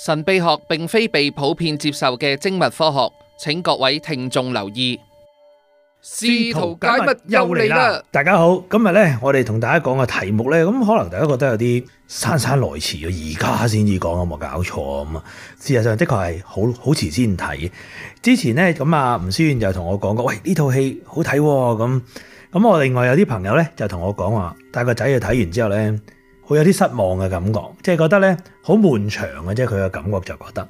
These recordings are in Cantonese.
神秘學並非被普遍接受嘅精密科學，請各位聽眾留意。試圖解密又嚟啦！大家好，今日呢，我哋同大家講嘅題目呢。咁可能大家覺得有啲姍姍來遲啊，而家先至講啊，冇搞錯啊。事實上的確係好好遲先睇。之前呢，咁啊，吳思遠就同我講過，喂，呢套戲好睇咁，哦。咁我另外有啲朋友呢，就同我講話，帶個仔去睇完之後呢。會有啲失望嘅感覺，即係覺得呢好漫長嘅啫。佢嘅感覺就覺得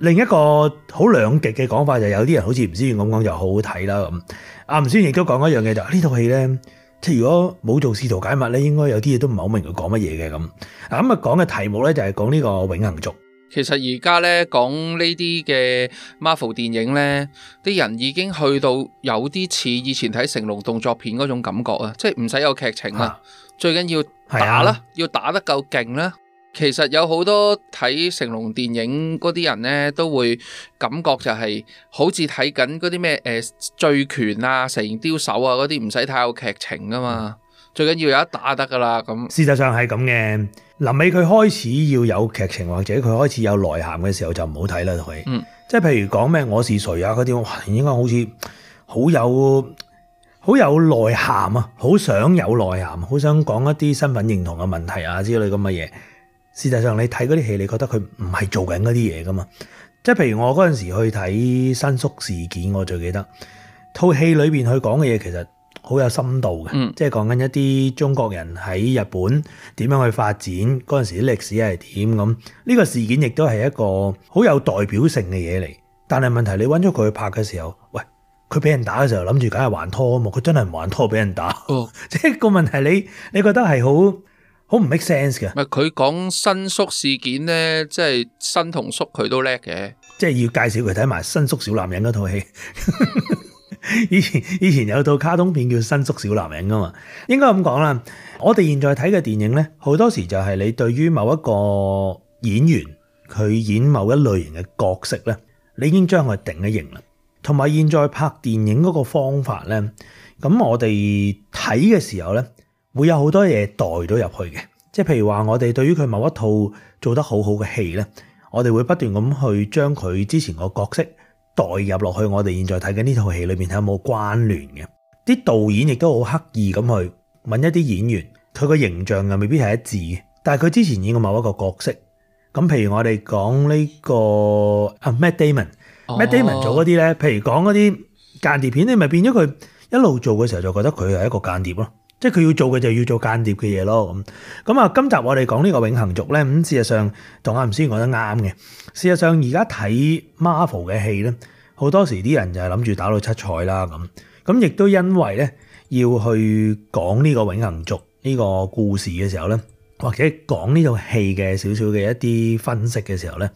另一個好兩極嘅講法，就有啲人好似吳思源咁講，就好好睇啦咁。阿、啊、吳思源亦都講一樣嘢就呢、是、套戲呢，即係如果冇做試圖解密咧，應該有啲嘢都唔係好明佢講乜嘢嘅咁。嗱咁啊講嘅題目呢，就係、是、講呢個《永恆族》。其實而家呢講呢啲嘅 Marvel 電影呢，啲人已經去到有啲似以前睇成龍動作片嗰種感覺啊，即係唔使有劇情啊，最緊要。啊、打啦，要打得夠勁啦。其實有好多睇成龍電影嗰啲人咧，都會感覺就係、是、好似睇緊嗰啲咩誒醉拳啊、蛇形刁手啊嗰啲，唔使太有劇情噶嘛。嗯、最緊要有得打得噶啦。咁事實上係咁嘅。臨尾佢開始要有劇情或者佢開始有內涵嘅時候就，就唔好睇啦。佢，即係譬如講咩我是誰啊嗰啲，應該好似好有。好有內涵啊！好想有內涵，好想講一啲身份認同嘅問題啊之類咁嘅嘢。事實上，你睇嗰啲戲，你覺得佢唔係做緊嗰啲嘢噶嘛？即係譬如我嗰陣時去睇《新宿事件》，我最記得套戲裏邊佢講嘅嘢其實好有深度嘅、嗯，即係講緊一啲中國人喺日本點樣去發展嗰陣時啲歷史係點咁。呢、呢個事件亦都係一個好有代表性嘅嘢嚟。但係問題你揾咗佢去拍嘅時候。佢俾人打嘅時候，諗住梗係還拖啊！嘛，佢真係唔還拖俾人打。即、oh. 係 個問題你，你你覺得係好好唔 make sense 嘅。佢講新宿事件呢，即係新同宿，佢都叻嘅。即係要介紹佢睇埋《新宿小男人》嗰套戲 以。以前以前有套卡通片叫《新宿小男人》噶嘛。應該咁講啦。我哋現在睇嘅電影呢，好多時就係你對於某一個演員，佢演某一類型嘅角色呢，你已經將佢定咗型啦。同埋現在拍電影嗰個方法呢，咁我哋睇嘅時候呢，會有好多嘢代咗入去嘅。即係譬如話，我哋對於佢某一套做得好好嘅戲呢，我哋會不斷咁去將佢之前個角色代入落去我哋現在睇緊呢套戲裏面有冇關聯嘅。啲導演亦都好刻意咁去揾一啲演員，佢個形象又未必係一致，但係佢之前演嘅某一個角色。咁譬如我哋講呢個啊 Matt Damon。Matt Damon 做嗰啲咧，oh. 譬如講嗰啲間諜片，你咪變咗佢一路做嘅時候就覺得佢係一個間諜咯，即係佢要做嘅就要做間諜嘅嘢咯咁。咁啊，今集我哋講呢個《永恆族》咧，咁事實上同亞吳先講得啱嘅。事實上而家睇 Marvel 嘅戲咧，好多時啲人就係諗住打到七彩啦咁。咁亦都因為咧要去講呢個《永恆族》呢個故事嘅時候咧，或者講呢套戲嘅少少嘅一啲分析嘅時候咧。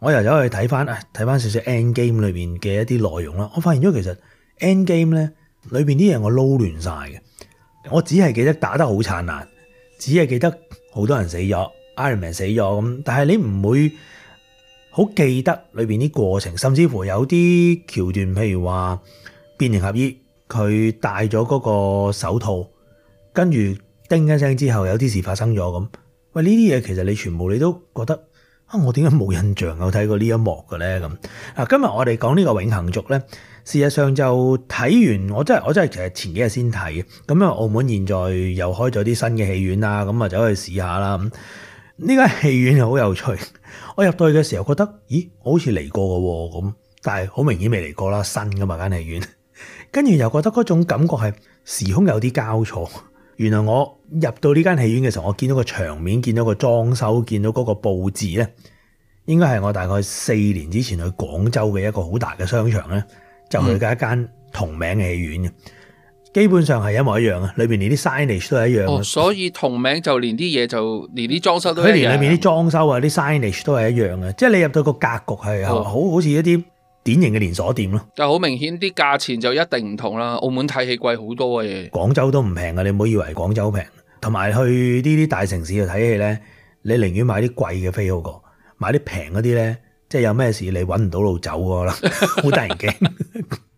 我又走去睇翻，睇翻少少《End Game》裏面嘅一啲內容啦。我發現咗其實《End Game》咧裏邊啲嘢，我撈亂晒嘅，我只係記得打得好燦爛，只係記得好多人死咗，Iron Man 死咗咁。但係你唔會好記得裏邊啲過程，甚至乎有啲橋段，譬如話變型俠醫佢戴咗嗰個手套，跟住叮一聲之後有啲事發生咗咁。喂，呢啲嘢其實你全部你都覺得。啊！我點解冇印象有睇過呢一幕嘅咧？咁啊，今日我哋講呢個《永恆族》咧，事實上就睇完，我真係我真係其實前幾日先睇嘅。咁啊，澳門現在又開咗啲新嘅戲院啦，咁啊走去試下啦。咁呢間戲院好有趣，我入到去嘅時候覺得，咦，我好似嚟過嘅喎咁，但係好明顯未嚟過啦，新噶嘛間戲院。跟住又覺得嗰種感覺係時空有啲交錯。原來我入到呢間戲院嘅時候，我見到個場面，見到個裝修，見到嗰個佈置呢，應該係我大概四年之前去廣州嘅一個好大嘅商場呢就去嘅一間同名嘅戲院、嗯、基本上係一模一樣啊！裏邊連啲 signage 都係一樣、哦。所以同名就連啲嘢就連啲裝修都一樣。佢連裏邊啲裝修啊、啲、嗯、signage 都係一樣嘅，即係你入到個格局係、哦、好好似一啲。典型嘅連鎖店咯，就好明顯啲價錢就一定唔同啦。澳門睇戲貴好多嘅，廣州都唔平啊，你唔好以為廣州平。同埋去呢啲大城市去睇戲呢，你寧願買啲貴嘅飛好過，買啲平嗰啲呢，即係有咩事你搵唔到路走啦，好得人驚。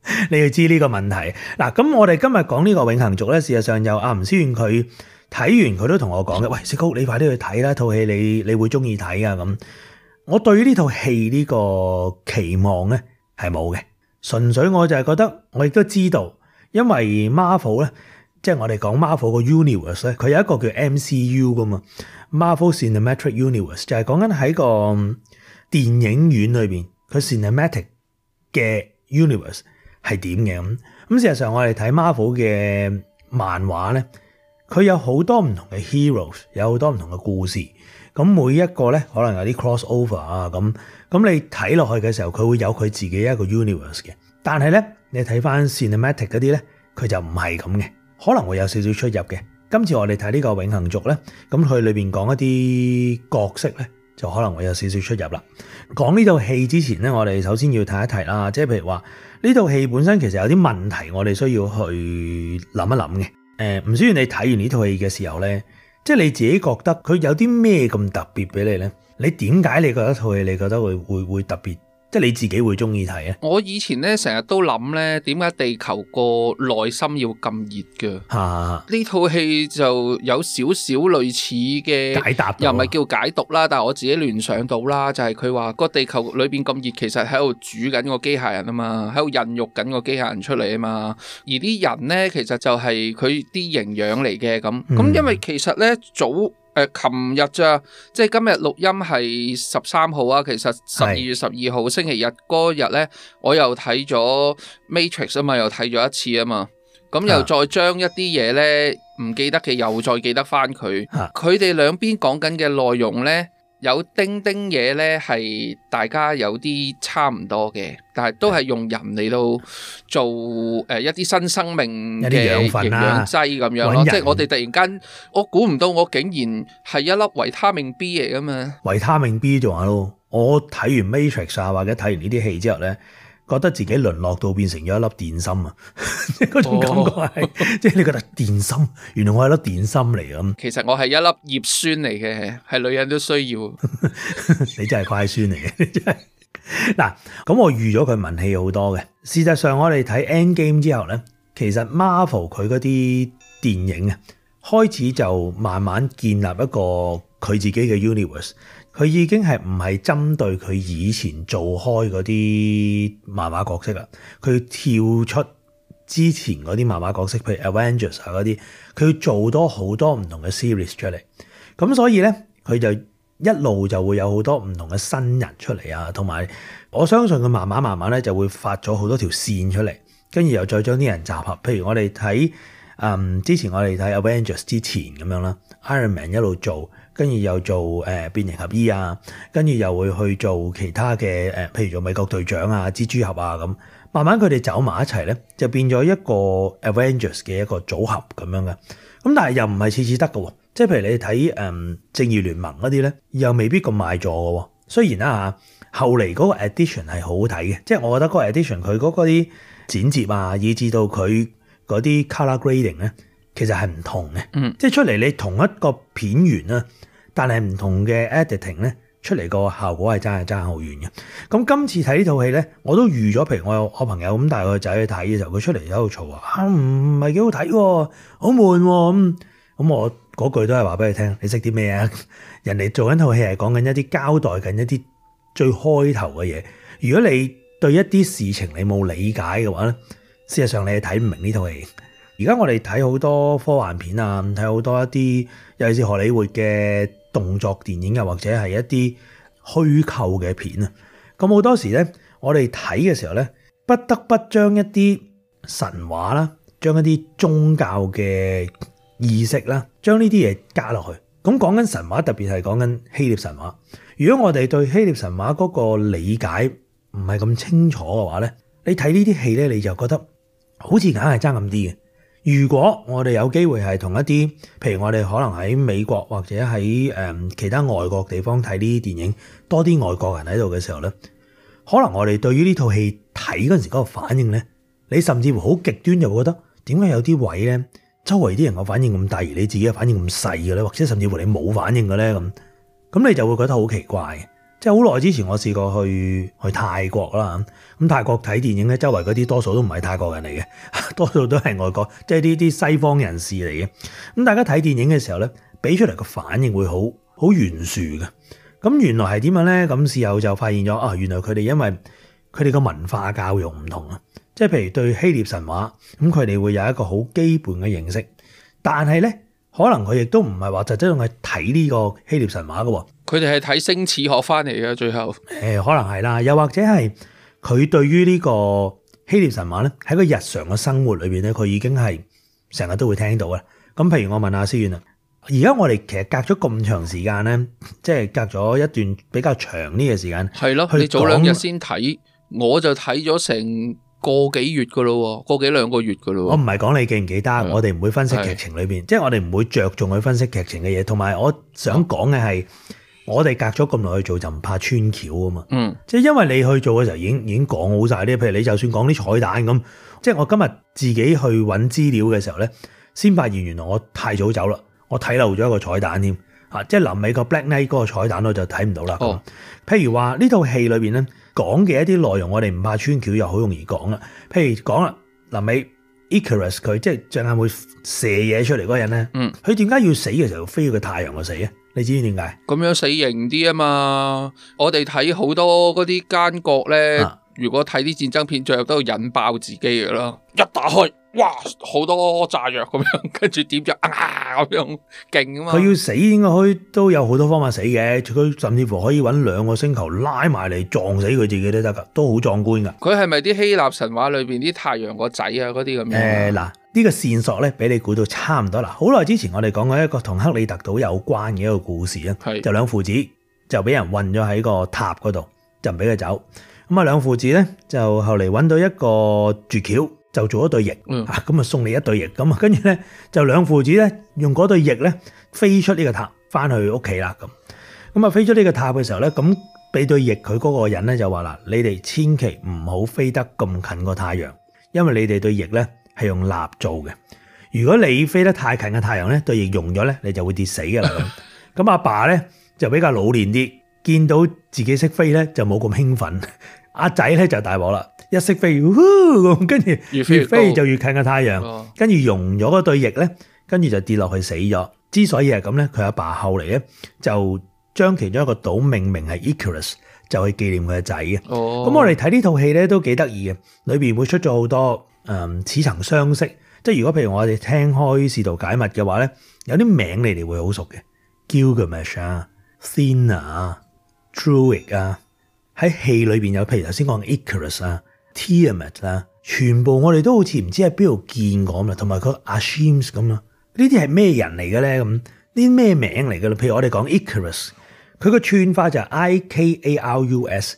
然 你要知呢個問題。嗱，咁我哋今日講呢個《永恆族》呢，事實上又阿吳思遠佢睇完佢都同我講嘅，喂，小高你快啲去睇啦，套戲你你會中意睇噶咁。我對於呢套戲呢個期望呢。係冇嘅，純粹我就係覺得，我亦都知道，因為 Marvel 咧，即係我哋講 Marvel 個 universe 咧，佢有一個叫 MCU 噶嘛，Marvel Cinematic Universe 就係講緊喺個電影院裏邊，佢 cinematic 嘅 universe 係點嘅咁。咁、嗯、事實上我哋睇 Marvel 嘅漫畫咧，佢有好多唔同嘅 heroes，有好多唔同嘅故事。咁每一個咧，可能有啲 cross over 啊，咁咁你睇落去嘅時候，佢會有佢自己一個 universe 嘅。但係咧，你睇翻 cinematic 嗰啲咧，佢就唔係咁嘅，可能會有少少出入嘅。今次我哋睇呢個《永恆族》咧，咁佢裏面講一啲角色咧，就可能會有少少出入啦。講呢套戲之前咧，我哋首先要睇一提啦，即係譬如話呢套戲本身其實有啲問題，我哋需要去諗一諗嘅。誒，唔需要你睇完呢套戲嘅時候咧。即係你自己覺得佢有啲咩咁特別俾你咧？你點解你覺得套嘢，你覺得會會會特別？即係你自己會中意睇啊！我以前咧成日都諗咧，點解地球個內心要咁熱嘅？嚇、啊！呢套戲就有少少類似嘅解答，又唔係叫解讀啦。但我自己聯想到啦，就係佢話個地球裏面咁熱，其實喺度煮緊個機械人啊嘛，喺度孕育緊個機械人出嚟啊嘛。而啲人咧，其實就係佢啲營養嚟嘅咁。咁、嗯、因為其實咧，早。誒、呃，琴日咋？即今日錄音係十三號啊。其實十二月十二號星期日嗰、嗰個、日咧，我又睇咗 Matrix 啊嘛，又睇咗一次啊嘛。咁又再將一啲嘢咧，唔記得嘅，又再記得返佢。佢哋兩邊講緊嘅內容咧。有丁丁嘢咧，係大家有啲差唔多嘅，但係都係用人嚟到做誒一啲新生命嘅營養劑咁樣咯、啊。即係我哋突然間，我估唔到我竟然係一粒維他命 B 嚟噶嘛。維他命 B 就話咯，我睇完 Matrix 啊，或者睇完呢啲戲之後咧。覺得自己淪落到變成咗一粒電芯啊！嗰 種感覺係、哦，即係你覺得電芯，原來我係一粒電芯嚟咁。其實我係一粒葉酸嚟嘅，係女人都需要。 你真係乖孫嚟嘅，真係。嗱， 咁我預咗佢文氣好多嘅。事實上我看，我哋睇 Endgame 之後咧，其實 Marvel 佢嗰啲電影啊，開始就慢慢建立一個佢自己嘅 Universe。佢已經係唔係針對佢以前做開嗰啲漫畫角色啦？佢跳出之前嗰啲漫畫角色，譬如 Avengers 啊嗰啲，佢做多好多唔同嘅 series 出嚟。咁所以咧，佢就一路就會有好多唔同嘅新人出嚟啊，同埋我相信佢慢慢慢慢咧就會發咗好多條線出嚟，跟住又再將啲人集合。譬如我哋睇嗯之前我哋睇 Avengers 之前咁樣啦，Iron Man 一路做。跟住又做誒變形俠醫啊，跟住又會去做其他嘅誒，譬如做美國隊長啊、蜘蛛俠啊咁，慢慢佢哋走埋一齊咧，就變咗一個 Avengers 嘅一個組合咁樣嘅。咁但係又唔係次次得嘅，即係譬如你睇誒、嗯、正義聯盟嗰啲咧，又未必咁賣座嘅。雖然啦嚇，後嚟嗰個 Addition 係好好睇嘅，即係我覺得嗰個 Addition 佢嗰啲剪接啊，以至到佢嗰啲 color grading 咧。其實係唔同嘅、嗯，即係出嚟你同一個片源啦，但係唔同嘅 editing 咧，出嚟個效果係真係爭好遠嘅。咁今次睇呢套戲咧，我都預咗，譬如我有我朋友咁帶佢個仔去睇嘅時候，佢出嚟喺度嘈啊，唔係幾好睇，好悶咁。咁我嗰句都係話俾你聽，你識啲咩啊？人哋做緊套戲係講緊一啲交代緊一啲最開頭嘅嘢。如果你對一啲事情你冇理解嘅話咧，事實上你係睇唔明呢套戲。而家我哋睇好多科幻片啊，睇好多一啲，尤其是荷里活嘅動作電影，又或者係一啲虛構嘅片啊。咁好多時咧，我哋睇嘅時候咧，不得不將一啲神話啦，將一啲宗教嘅意識啦，將呢啲嘢加落去。咁講緊神話，特別係講緊希臘神話，如果我哋對希臘神話嗰個理解唔係咁清楚嘅話咧，你睇呢啲戲咧，你就覺得好似硬係爭咁啲嘅。如果我哋有機會係同一啲，譬如我哋可能喺美國或者喺誒其他外國地方睇呢啲電影，多啲外國人喺度嘅時候咧，可能我哋對於呢套戲睇嗰陣時嗰個反應咧，你甚至乎好極端就會覺得點解有啲位咧，周圍啲人嘅反應咁大，而你自己嘅反應咁細嘅咧，或者甚至乎你冇反應嘅咧咁，咁你就會覺得好奇怪。即係好耐之前，我試過去去泰國啦。咁泰國睇電影咧，周圍嗰啲多數都唔係泰國人嚟嘅，多數都係外國，即係呢啲西方人士嚟嘅。咁大家睇電影嘅時候咧，俾出嚟個反應會好好懸殊嘅。咁原來係點樣咧？咁事後就發現咗啊，原來佢哋因為佢哋個文化教育唔同啊。即係譬如對希臘神話，咁佢哋會有一個好基本嘅認識，但係咧。可能佢亦都唔係話就真正去睇呢個希臘神話喎、哦。佢哋係睇星矢學翻嚟嘅最後。誒、 呃，可能係啦，又或者係佢對於呢個希臘神話咧，喺個日常嘅生活裏邊咧，佢已經係成日都會聽到㗎。咁譬如我問阿思遠啊，而家我哋其實隔咗咁長時間咧，即係隔咗一段比較長呢嘅時間。係咯，你早兩日先睇，我就睇咗成。個幾月㗎咯，個幾兩個月㗎咯。我唔係講你記唔記得，嗯、我哋唔會分析劇情裏面，即係、就是、我哋唔會着重去分析劇情嘅嘢。同埋我想講嘅係，我哋隔咗咁耐去做就唔怕穿橋啊嘛。嗯，即、就、係、是、因為你去做嘅時候已經已經講好晒啲，譬如你就算講啲彩蛋咁、嗯，即係我今日自己去揾資料嘅時候呢，先發現原來我太早走啦，我睇漏咗一個彩蛋添。即係臨尾個 Black Knight 嗰個彩蛋我就睇唔到啦、哦。譬如話呢套戲裏邊呢。講嘅一啲內容，我哋唔怕穿橋又好容易講啦。譬如講啦，臨尾 Icarus 佢即係隻眼會射嘢出嚟嗰個人咧，佢點解要死嘅時候飛去個太陽度死啊？你知唔知點解？咁樣死型啲啊嘛！我哋睇好多嗰啲奸角咧，如果睇啲戰爭片，最後都引爆自己嘅啦，一打開。哇，好多炸藥咁、啊、樣，跟住點着啊咁樣勁啊嘛！佢要死應該都有好多方法死嘅，佢甚至乎可以搵兩個星球拉埋嚟，撞死佢自己都得噶，都好壯觀噶。佢係咪啲希臘神話裏邊啲太陽個仔啊？嗰啲咁樣誒，嗱、呃、呢、呢個線索呢，俾你估到差唔多啦。好耐之前我哋講過一個同克里特島有關嘅一個故事啊，就兩父子就俾人困咗喺個塔嗰度，就唔俾佢走。咁啊，兩父子呢，就後嚟搵到一個絕橋。就做咗對翼嚇，咁、嗯、啊送你一對翼咁啊，跟住咧就兩父子咧用嗰對翼咧飛出呢個塔翻去屋企啦咁。咁啊飛出呢個塔嘅時候咧，咁俾對翼佢嗰個人咧就話啦，你哋千祈唔好飛得咁近個太陽，因為你哋對翼咧係用蠟做嘅。如果你飛得太近嘅太陽咧，對翼融咗咧，你就會跌死㗎啦。咁 阿爸咧就比較老練啲，見到自己識飛咧就冇咁興奮。阿、啊、仔咧就大鑊啦。一識飛，跟住越飛就越近嘅太陽，跟住融咗嗰對翼跟住就跌落去死咗。之所以係咁呢，佢阿爸後嚟呢，就將其中一個島命名係 Icarus，就係紀念佢個仔啊。咁、oh. 我哋睇呢套戲呢，都幾得意嘅，裏面會出咗好多誒、嗯、似曾相識。即如果譬如我哋聽開試圖解密嘅話呢，有啲名你哋會好熟嘅 Gilgamesh 啊、Thinner Druid 啊，喺戲裏面有，譬如頭先講 Icarus 啊。Tiamat 啦，全部我哋都好似唔知喺邊度見過咁，同埋佢阿 Shims 咁啊，呢啲係咩人嚟嘅咧？咁呢啲咩名嚟嘅啦，譬如我哋講 Icarus，佢個串化就係 I K A R U S，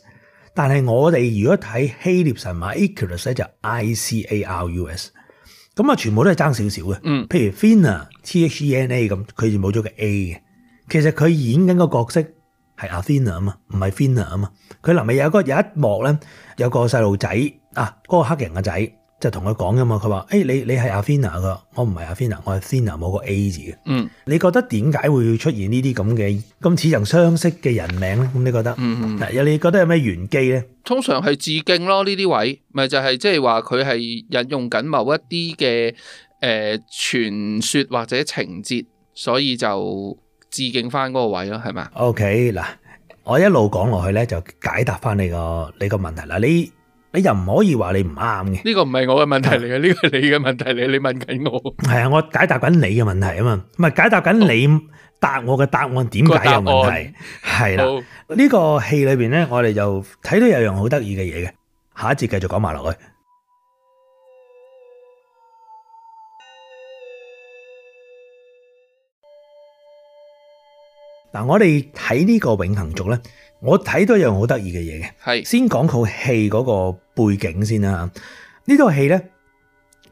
但係我哋如果睇希臘神話 Icarus 咧就 I C A R U S，咁啊全部都係爭少少嘅。嗯，譬如 Thena T H E N A 咁，佢就冇咗個 A 嘅。其實佢演緊個角色。係阿 Thena 啊嘛，唔係 Thena 啊嘛。佢嗱咪有個有一幕咧，有個細路仔啊，嗰、那個黑人嘅仔就同佢講嘅嘛。佢話：，誒、欸，你你係阿 Thena 噶，我唔係阿 Thena，我係 Thena 冇個 A 字嘅。嗯，你覺得點解會出現呢啲咁嘅咁似曾相識嘅人名咧？咁你覺得？嗯嗯。嗱，有你覺得有咩玄機咧？通常係致敬咯，呢啲位咪就係即係話佢係引用緊某一啲嘅誒傳說或者情節，所以就。致敬翻嗰個位咯，係咪？OK 嗱，我一路講落去咧，就解答翻你個你個問題啦。你你又唔可以話你唔啱嘅。呢、呢個唔係我嘅問題嚟嘅，呢、啊呢個係你嘅問題嚟。你問緊我，係啊，我解答緊你嘅問題啊嘛，唔係解答緊你答我嘅答案點解、哦、有問題係啦。呢、啊哦呢個戲裏邊咧，我哋就睇到有樣好得意嘅嘢嘅，下一節繼續講埋落去。嗱，我哋睇、這個、呢個永恆族咧，我睇到一樣好得意嘅嘢嘅，係先講套戲嗰個背景先啦。呢套戲咧，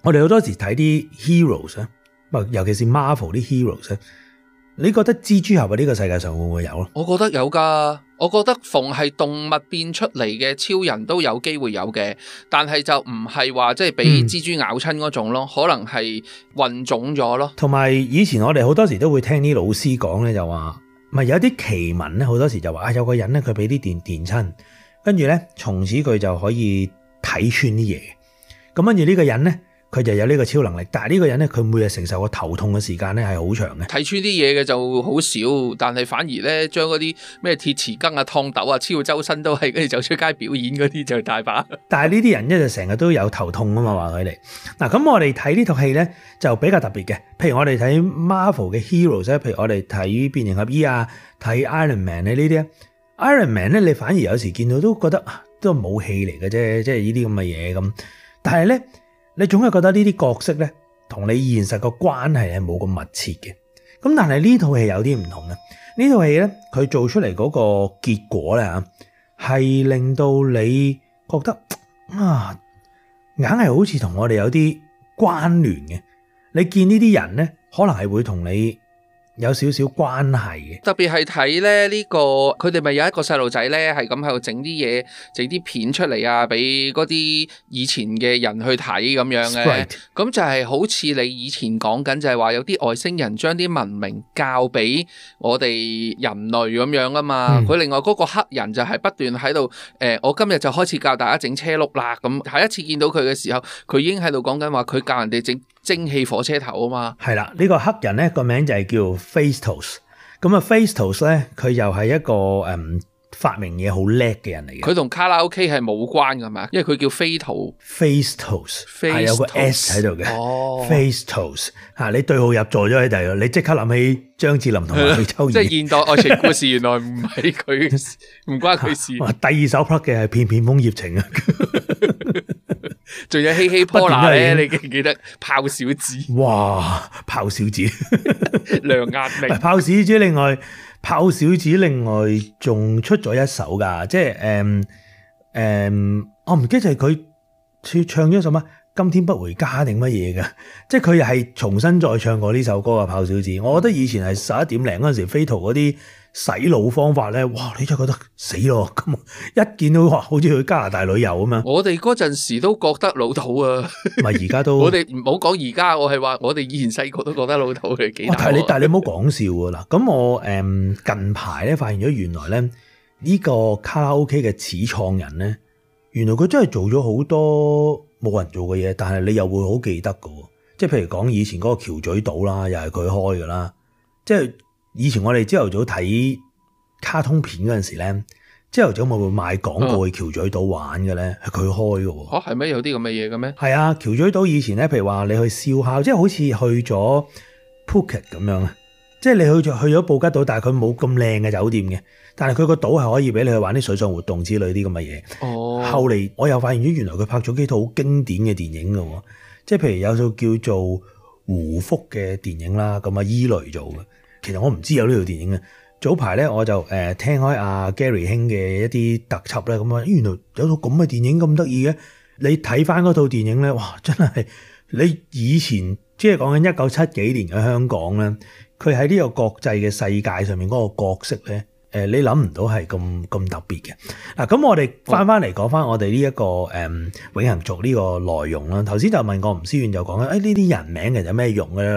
我哋好多時睇啲 heroes，尤其是 Marvel 啲 heroes，你覺得蜘蛛俠喺呢個世界上會唔會有咯？我覺得有噶，我覺得逢係動物變出嚟嘅超人都有機會有嘅，但係就唔係話即係俾蜘蛛咬親嗰種咯、嗯，可能係混種咗咯。同埋以前我哋好多時都會聽啲老師講咧，就話。咪有啲奇聞咧，好多時就話有個人咧，佢俾啲電電親，跟住咧，從此佢就可以睇穿啲嘢。咁跟住呢個人咧。佢就有呢個超能力，但係呢個人咧，佢每日承受個頭痛嘅時間咧係好長嘅。睇穿啲嘢嘅就好少，但係反而咧將嗰啲咩鐵匙羹啊、熨斗啊、黐到周身都係，跟住走出街表演嗰啲就大把。 但係呢啲人咧就成日都有頭痛啊嘛，話佢哋嗱。咁、啊、我哋睇呢套戲咧就比較特別嘅，譬如我哋睇 Marvel 嘅 heroes，譬如我哋睇變形俠醫啊、睇 Iron,、啊、Iron Man 呢啲，Iron Man 咧你反而有時見到都覺得都係武器嚟嘅啫，即係呢啲咁嘅嘢咁，但係咧。你總係覺得呢啲角色咧，同你現實個關係係冇咁密切嘅。咁但係呢套戲有啲唔同嘅，呢套戲咧佢做出嚟嗰個結果咧，係令到你覺得啊，硬係好似同我哋有啲關聯嘅。你見呢啲人咧，可能係會同你。有少少關係嘅，特別係睇咧呢、呢個佢哋咪有一個細路仔咧，係咁喺度整啲嘢，整啲片出嚟啊，俾嗰啲以前嘅人去睇咁樣嘅。咁、Right. 就係好似你以前講緊，就係話有啲外星人將啲文明教俾我哋人類咁樣啊嘛。佢、嗯、另外嗰個黑人就係不斷喺度，誒、呃，我今日就開始教大家整車轆啦。咁下一次見到佢嘅時候，佢已經喺度講緊話，佢教人哋整，蒸汽火車頭啊嘛，係啦，呢、這個黑人咧個名就係叫 Phastos，咁啊 Phastos 咧佢又係一個誒、嗯、發明嘢好叻嘅人嚟嘅。佢同卡拉 OK 係冇關噶嘛？因為佢叫 Fato, Phastos，Phastos 係、啊、有個 S 喺度嘅。Phastos 吓，你對號入座咗喺度，你即刻諗起張智霖同埋許秋怡。 即係現代愛情故事，原來唔係佢，唔 關佢事。第二首 plug 嘅係片片楓葉情啊。 仲有希希波拿咧，你記唔記得豹小子？哇，豹小子， 梁雁翎豹小子，另外豹小子，另外仲出咗一首噶，即係誒誒，我唔記得就係佢唱唱咗一首乜？今天不回家定乜嘢㗎？即係佢又係重新再唱過呢首歌啊，豹小子。我覺得以前係十一點零嗰陣時， 飛圖嗰啲洗腦方法咧，哇！你真係覺得死咯。咁一見到哇，好似去加拿大旅遊啊嘛，我哋嗰陣時都覺得老土啊，咪而家都 我哋唔好講而家，我係話我哋以前細個都覺得老土嘅。我提你，但係你唔好講笑噶啦。咁我誒、嗯、近排咧發現咗、OK，原來咧呢個卡拉 O K 嘅始創人咧，原來佢真係做咗好多。冇人做嘅嘢，但係你又會好記得㗎喎。即係譬如講以前嗰個橋咀島啦，又係佢開㗎啦。即係以前我哋朝頭早睇卡通片嗰陣時咧，朝頭早咪會賣廣告去橋咀島玩嘅咧，係佢開嘅。嚇係咩？係咪有啲咁嘅嘢嘅咩？係啊，橋咀島以前咧，譬如話你去燒烤，即係好似去咗 Puket 咁樣啊。即係你去咗去咗布吉島，但係佢冇咁靚嘅酒店嘅。但係佢個島係可以俾你去玩啲水上活動之類啲咁嘅嘢。Oh. 後嚟我又發現咗，原來佢拍咗幾套好經典嘅電影嘅，即係譬如有套叫做《胡福》嘅電影啦。咁啊，伊雷做嘅。其實我唔知有呢套電影嘅。早排咧，我就誒、呃、聽開阿 Gary 兄嘅一啲特輯咧，咁啊，原來有套咁嘅電影咁得意嘅？你睇翻嗰套電影咧，哇，真係你以前即係講緊一九七幾年嘅香港咧，佢喺呢個國際嘅世界上面嗰個角色咧。誒，你諗唔到係咁咁特別嘅。嗱、這個，咁我哋翻翻嚟講翻我哋呢一個誒永恆族呢個內容啦。頭先就問過吳思遠就講啦，誒呢啲人名其實有咩用嘅咧？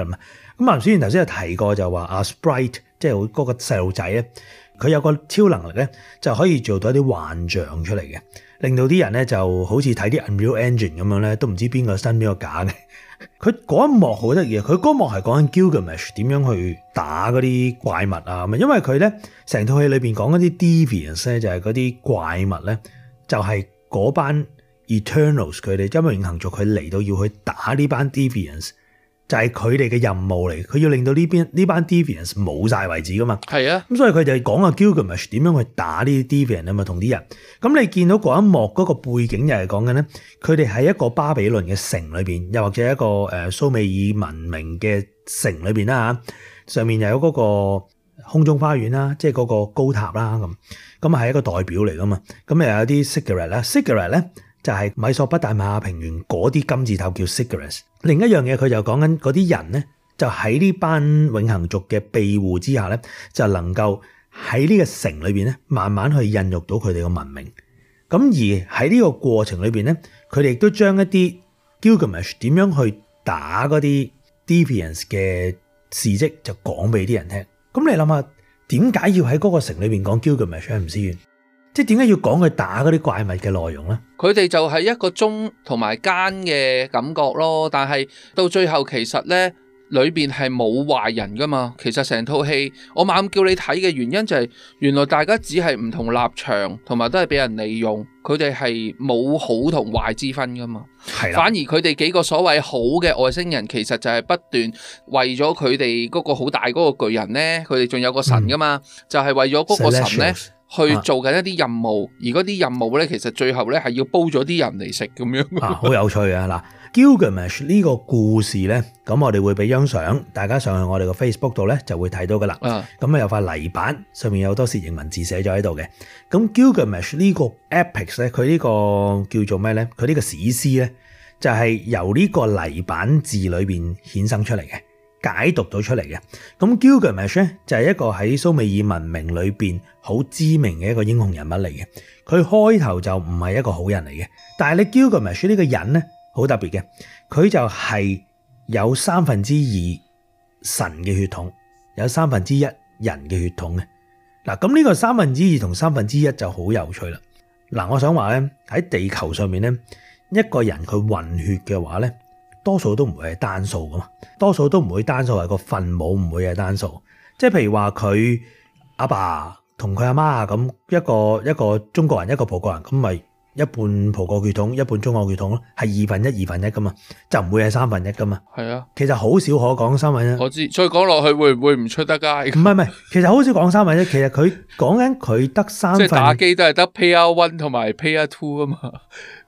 咁啊，吳思遠頭先有提過就話啊，Sprite 即係嗰個細路仔咧，佢有個超能力咧，就可以做到一啲幻象出嚟嘅，令到啲人咧就好似睇啲 Unreal Engine 咁樣咧，都唔知邊個新邊個假嘅。佢嗰一幕好得意，佢嗰一幕係講緊 Gilgamesh 點樣去打嗰啲怪物啊咁啊，因為佢咧成套戲裏邊講嗰啲 deviants 咧就係嗰啲怪物咧就係、是、嗰班 Eternals 佢哋因應行着佢嚟到要去打呢班 deviants。就係佢哋嘅任務嚟，佢要令到呢邊呢班 deviants 冇晒位置噶嘛。係啊，咁所以佢就講啊，Gilgamesh 點樣去打呢啲 deviant 啊嘛，同啲人。咁你見到嗰一幕嗰個背景又係講緊咧，佢哋喺一個巴比倫嘅城裏面，又或者一個誒、呃、蘇美爾文明嘅城裏面啦吓，上面又有嗰個空中花園啦，即係嗰個高塔啦咁。咁係一個代表嚟噶嘛。咁又有啲 cigarette 啦，cigarette 咧就係、是、米索不達米亞平原嗰啲金字塔，叫 ziggurats。另一樣嘢，佢就講緊嗰啲人咧，就喺呢班永恆族嘅庇護之下咧，就能夠喺呢個城裏邊咧，慢慢去孕育到佢哋嘅文明。咁而喺呢個過程裏邊咧，佢哋亦都將一啲 Gilgamesh 點樣去打嗰啲 Deviants 嘅事蹟就講俾啲人聽。咁你諗下，點解要喺嗰個城裏邊講 Gilgamesh 先？即係點解要講佢打嗰啲怪物嘅內容呢？佢哋就係一個忠同埋奸嘅感覺咯。但係到最後其實呢裏邊係冇壞人噶嘛。其實成套戲我猛叫你睇嘅原因就係、是，原來大家只係唔同立場，同埋都係俾人利用。佢哋係冇好同壞之分噶嘛的。係啦，反而佢哋幾個所謂好嘅外星人，其實就係不斷為咗佢哋嗰個好大嗰個巨人呢。佢哋仲有個神噶嘛，嗯、就係、是、為咗嗰個神呢。Celestials 去做緊一啲任務，而嗰啲任務咧，其實最後咧係要煲咗啲人嚟食咁樣。啊，好有趣啊！嗱，Gilgamesh 呢個故事咧，咁我哋會俾張相，大家上去我哋個 Facebook 度咧就會睇到噶啦。咁啊有塊泥板，上面有好多楔形文字寫咗喺度嘅。咁 Gilgamesh 呢個 epic 咧，佢呢個叫做咩咧？佢呢個史詩咧，就係由呢個泥板字裏邊衍生出嚟嘅。解讀到出嚟嘅，咁 Gilgamesh 咧就係、是、一個喺蘇美爾文明裏邊好知名嘅一個英雄人物嚟嘅。佢開頭就唔係一個好人嚟嘅，但係你 Gilgamesh 呢個人咧好特別嘅，佢就係有三分之二神嘅血統，有三分之一人嘅血統嘅。嗱，咁呢個三分之二同三分之一就好有趣啦。嗱，我想話咧喺地球上面咧，一個人佢混血嘅話咧。多數都唔會係單數噶嘛，多數都唔會單數，係個分母唔會係單數，即係譬如話佢阿爸同佢阿媽咁，一個一個中國人一個葡國人咁咪一半葡國血統一半中國血統咯，係二分一二分一噶嘛，就唔會係三分一噶嘛。係啊，其實好少可講三分一。我知，再講落去會唔會唔出得街？唔係唔係，其實好少講三分一， 其實佢講緊佢得三分。即係打機都係得 P1 同埋 P2 噶嘛。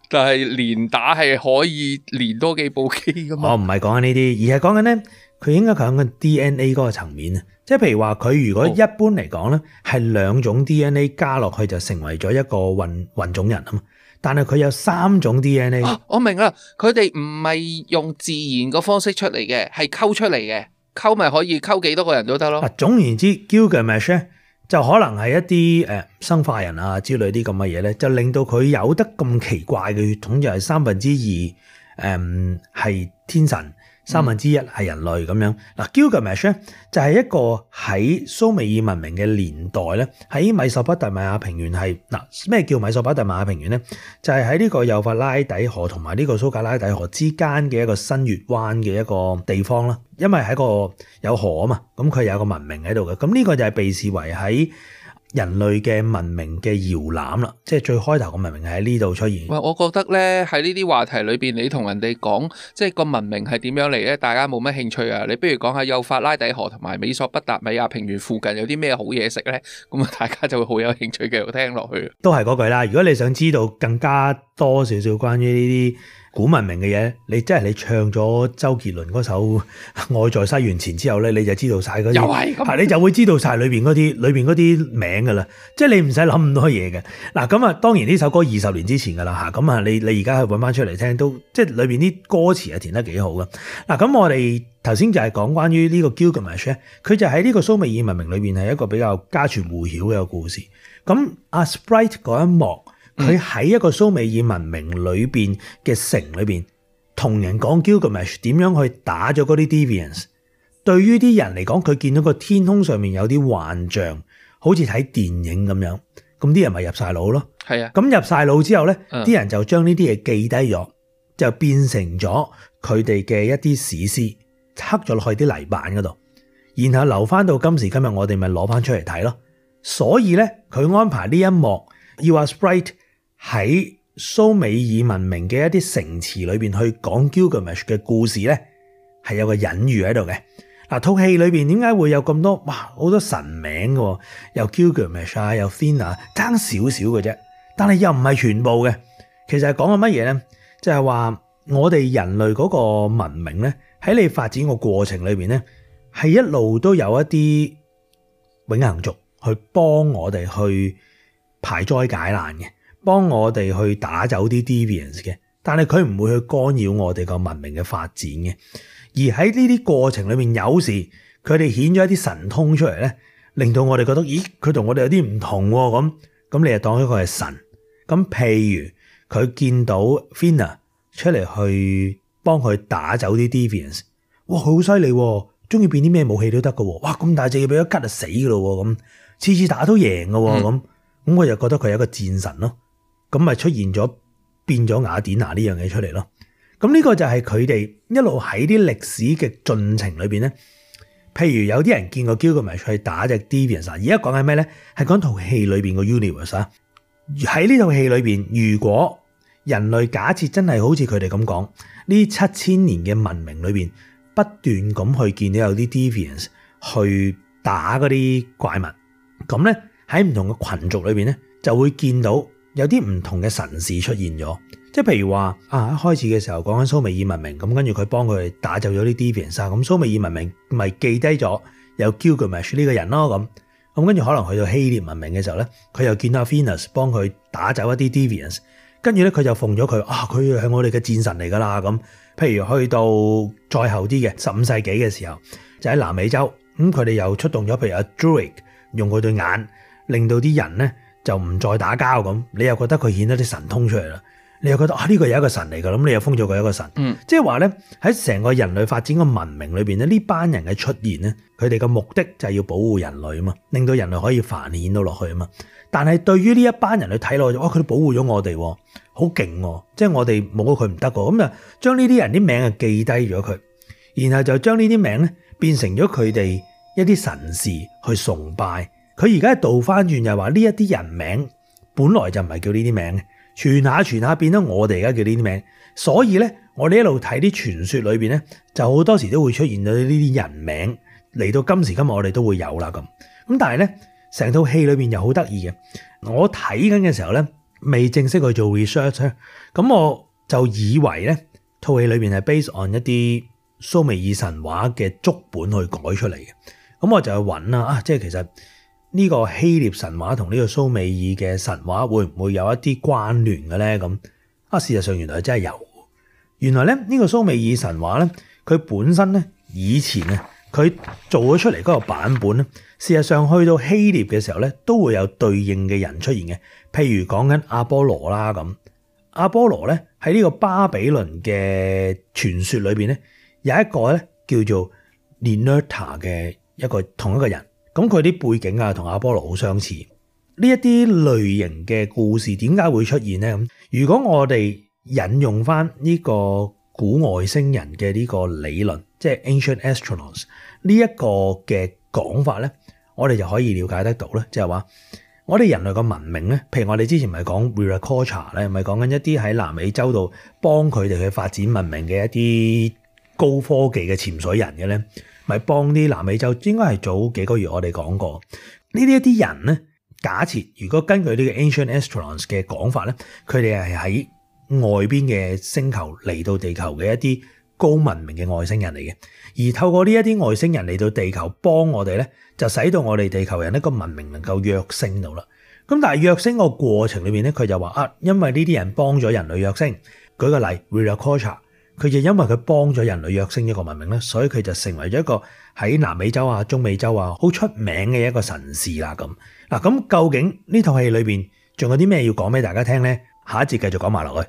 就係連打係可以連多幾部機㗎嘛？我唔係講緊呢啲，而係講緊咧，佢應該講緊 DNA 嗰個層面啊。即係譬如話，佢如果一般嚟講咧，係、哦、兩種 DNA 加落去就成為咗一個混混種人啊嘛。但係佢有三種 DNA，哦、我明啦。佢哋唔係用自然嘅方式出嚟嘅，係溝出嚟嘅，溝咪可以溝幾多個人都得咯。總言之，Gilgamesh。就可能係一啲誒、呃、生化人啊之類啲咁嘅嘢咧，就令到佢有得咁奇怪嘅血統，就係、係、三分之二誒係天神。三分之一係人類咁樣，嗱、嗯，Gilgamesh 咧就係一個喺蘇美爾文明嘅年代咧，喺米索不達米亞平原係嗱，咩叫米索不達米亞平原咧？就係喺呢個幼發拉底河同埋呢個蘇格拉底河之間嘅一個新月灣嘅一個地方啦。因為喺個有河啊嘛，咁佢有個文明喺度嘅，咁、這、呢個就係被視為喺。人類嘅文明嘅搖籃啦，即係最開頭嘅文明係喺呢度出現。喂，我覺得咧喺呢啲話題裏邊，你同人哋講即係個文明係點樣嚟咧，大家冇乜興趣啊。你不如講下幼發拉底河同埋美索不達米亞平原附近有啲咩好嘢食咧，咁啊大家就會好有興趣繼續聽落去。都係嗰句啦，如果你想知道更加。多少少關於呢啲古文明嘅嘢，你即係你唱咗周杰倫嗰首《愛在西元前》之後咧，你就知道晒嗰啲，係你就會知道晒裏面嗰啲裏邊嗰啲名噶啦。即係你唔使諗咁多嘢嘅。嗱，咁啊，當然呢首歌二十年之前噶啦吓，咁啊，你你而家去揾翻出嚟聽都即係裏面啲歌詞啊填得幾好噶。嗱，咁我哋頭先就係講關於呢個《Gilgamesh》，佢就喺呢個蘇美爾文明裏面係一個比較家傳戶曉嘅一個故事。咁阿 Sprite 嗰一幕。佢、嗯、喺一個蘇美爾文明裏面嘅城裏面，同人講 Gilgamesh 點樣去打咗嗰啲 deviance。對於啲人嚟講，佢見到個天空上面有啲幻象，好似睇電影咁樣。咁啲人咪入晒腦咯。係啊，咁入晒腦之後咧，啲、嗯、人就將呢啲嘢記低咗，就變成咗佢哋嘅一啲史詩，刻咗落去啲泥板嗰度，然後留翻到今時今日，我哋咪攞翻出嚟睇咯。所以咧，佢安排呢一幕要話 Sprite。喺蘇美爾文明嘅一啲城池裏邊去講 Gilgamesh 嘅故事咧，係有個隱喻喺度嘅。嗱，套戲裏邊點解會有咁多哇？好多神名嘅，有 Gilgamesh 啊，有 Finn 啊，爭少少嘅啫。但係又唔係全部嘅，其實係講緊乜嘢咧？就係話我哋人類嗰個文明咧，喺你發展個過程裏邊咧，係一路都有一啲永恆族去幫我哋去排災解難嘅。幫我哋去打走啲 deviance 嘅，但係佢唔會去干擾我哋個文明嘅發展嘅。而喺呢啲過程裡面，有時佢哋顯咗一啲神通出嚟咧，令到我哋覺得咦，佢同我哋有啲唔同咁。咁你就當佢係神？咁譬如佢見到 Thena 出嚟去幫佢打走啲 deviance，哇，好犀利，中意變啲咩武器都得噶。哇，咁大隻要俾咗吉就死噶咯咁，次次打都贏噶咁，咁、嗯、我就覺得佢係一個戰神咯、啊。咁咪出現咗變咗雅典娜呢樣嘢出嚟咯。咁呢個就係佢哋一路喺啲歷史嘅進程裏面咧。譬如有啲人見過 Gilgamesh 去打隻 Deviants。而家講緊咩咧？係講套戲裏面個 universe 啊。喺呢套戲裏面，如果人類假設真係好似佢哋咁講，呢七千年嘅文明裏面不斷咁去見到有啲 Deviants 去打嗰啲怪物，咁咧喺唔同嘅群族裏面咧就會見到。有啲唔同嘅神事出現咗，即係譬如話啊，一開始嘅時候講緊蘇美爾文明，咁跟住佢幫佢打走咗啲 d i v i a n c e 咁蘇美爾文明咪記低咗有 Gilgamesh 呢個人咯，咁咁跟住可能去到希臘文明嘅時候咧，佢又見到 v e n u s 幫佢打走一啲 d i v i a n c e 跟住咧佢就奉咗佢啊，佢係我哋嘅戰神嚟噶啦，咁譬如去到再後啲嘅十五世紀嘅時候，就喺南美洲，咁佢哋又出動咗，譬如 Auric 用佢對眼令到啲人咧。就唔再打交咁，你又覺得佢顯得啲神通出嚟啦，你又覺得啊呢、呢個有一個神嚟噶，咁你又封咗佢一個神，嗯、即係話呢，喺成個人類發展嘅文明裏面咧，呢班人嘅出現呢，佢哋嘅目的就係要保護人類啊嘛，令到人類可以繁衍到落去啊嘛。但係對於呢一班人嚟睇落去，佢保護咗我哋，好勁，即係我哋冇咗佢唔得噶。咁就將呢啲人啲名啊記低咗佢，然後就將呢啲名咧變成咗佢哋一啲神事去崇拜。佢而家倒翻轉又話呢一啲人名，本來就唔係叫呢啲名嘅，傳下傳下變咗我哋而家叫呢啲名。所以咧，我哋一路睇啲傳說裏面咧，就好多時都會出現到呢啲人名，嚟到今時今日我哋都會有啦咁。咁但係咧，成套戲裏面又好得意嘅。我睇緊嘅時候咧，未正式去做 research 咁，我就以為咧套戲裏面係 based on 一啲蘇美爾神話嘅足本去改出嚟嘅。咁我就去揾啦啊，即係其實呢個希臘神話同呢個蘇美爾嘅神話會唔會有一啲關聯嘅咧？咁啊，事實上原來真係有。原來咧，呢個蘇美爾神話咧，佢本身咧，以前啊，佢做咗出嚟嗰個版本咧，事實上去到希臘嘅時候咧，都會有對應嘅人出現嘅。譬如講緊阿波羅啦咁，阿波羅咧，喺呢個巴比倫嘅傳說裏面咧，有一個咧叫做 Ninurta 嘅一個同一個人。咁佢啲背景啊，同阿波羅好相似。呢一啲類型嘅故事點解會出現呢？咁如果我哋引用翻呢個古外星人嘅呢個理論，即係 Ancient Astronauts 呢一個嘅講法咧，我哋就可以了解得到咧，就係話我哋人類嘅文明咧，譬如我哋之前咪講 Viracocha 咧，咪講緊一啲喺南美洲度幫佢哋去發展文明嘅一啲高科技嘅潛水人嘅咧。咪幫啲南美洲，應該係早幾個月我哋講過呢啲一啲人咧。假設如果根據呢個 Ancient Astronauts 嘅講法咧，佢哋係喺外邊嘅星球嚟到地球嘅一啲高文明嘅外星人嚟嘅，而透過呢一啲外星人嚟到地球幫我哋咧，就使到我哋地球人呢個文明能夠躍升到啦。咁但係躍升個過程裏面咧，佢就話啊，因為呢啲人幫咗人類躍升。舉個例 r e l Culture。佢就因為佢幫咗人類躍升一個文明咧，所以佢就成為咗一個喺南美洲啊、中美洲啊好出名嘅一個神士啦。咁嗱，咁究竟呢套戲裏邊仲有啲咩要講俾大家聽呢？下一節繼續講埋落去。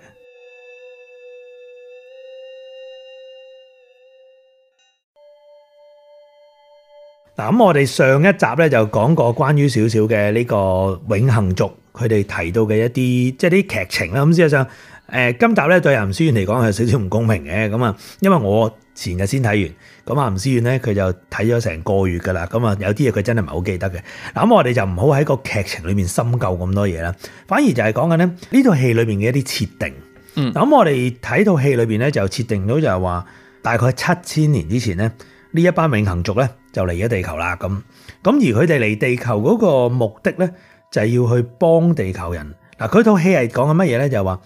嗱，咁我哋上一集咧就講過關於少少嘅呢個永恒族，佢哋提到嘅一啲即係啲劇情啦。咁事實上，誒今集咧對吳思遠嚟講係少少唔公平嘅咁啊，因為我前日先睇完，咁啊吳思遠咧佢就睇咗成個月噶啦，咁啊有啲嘢佢真係唔係好記得嘅。咁、嗯、我哋就唔好喺個劇情裏面深究咁多嘢啦，反而就係講緊咧呢套戲裏面嘅一啲設定。咁、嗯、我哋睇套戲裏邊咧就設定到就係話大概七千年之前咧，呢一班永恆族咧就嚟咗地球啦，咁咁而佢哋嚟地球嗰個目的咧就係要去幫地球人。嗱，佢套戲係講緊乜嘢咧？就係話。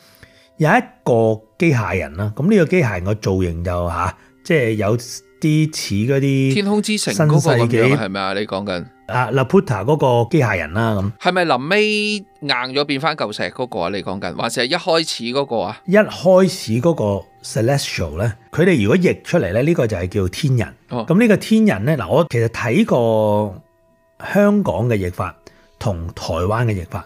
有一個機械人啦，咁呢個機械人嘅造型，就吓、啊，即係有啲似嗰啲《天空之城》嗰個叫，係咪啊？你講緊啊，Laputa 嗰個機械人啦，咁係咪臨尾硬咗變翻舊石嗰個啊？你講緊，或者係一開始嗰個啊？一開始嗰個 Celestial 咧，佢哋如果譯出嚟咧，呢、這個就係叫天人。哦，咁呢個天人咧，嗱，我其實睇過香港嘅譯法同台灣嘅譯法。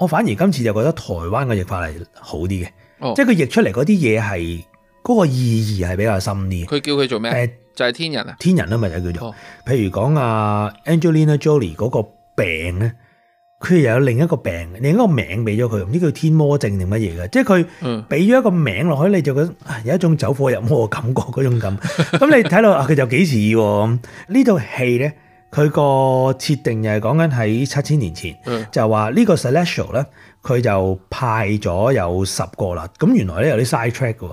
我反而今次就覺得台灣嘅譯法係好啲嘅、哦，即係佢譯出嚟嗰啲嘢係嗰個意義係比較深啲。佢叫佢做咩？誒、呃，就係、係、天人啊！天人啊嘛，就叫做。哦、譬如講啊，Angelina Jolie 嗰個病咧，佢又有另一個病，另一個名俾咗佢，唔知叫天魔症定乜嘢嘅。即係佢俾咗一個名落去、嗯，你就覺得有一種走火入魔嘅感覺嗰種感覺。咁 你睇落，啊，佢就幾似喎。呢套戲咧。佢個設定就係講緊喺七千年前，嗯、就話、是這個、呢個 Celestial 咧，佢就派咗有十個啦。咁原來咧，有啲 side track 嘅。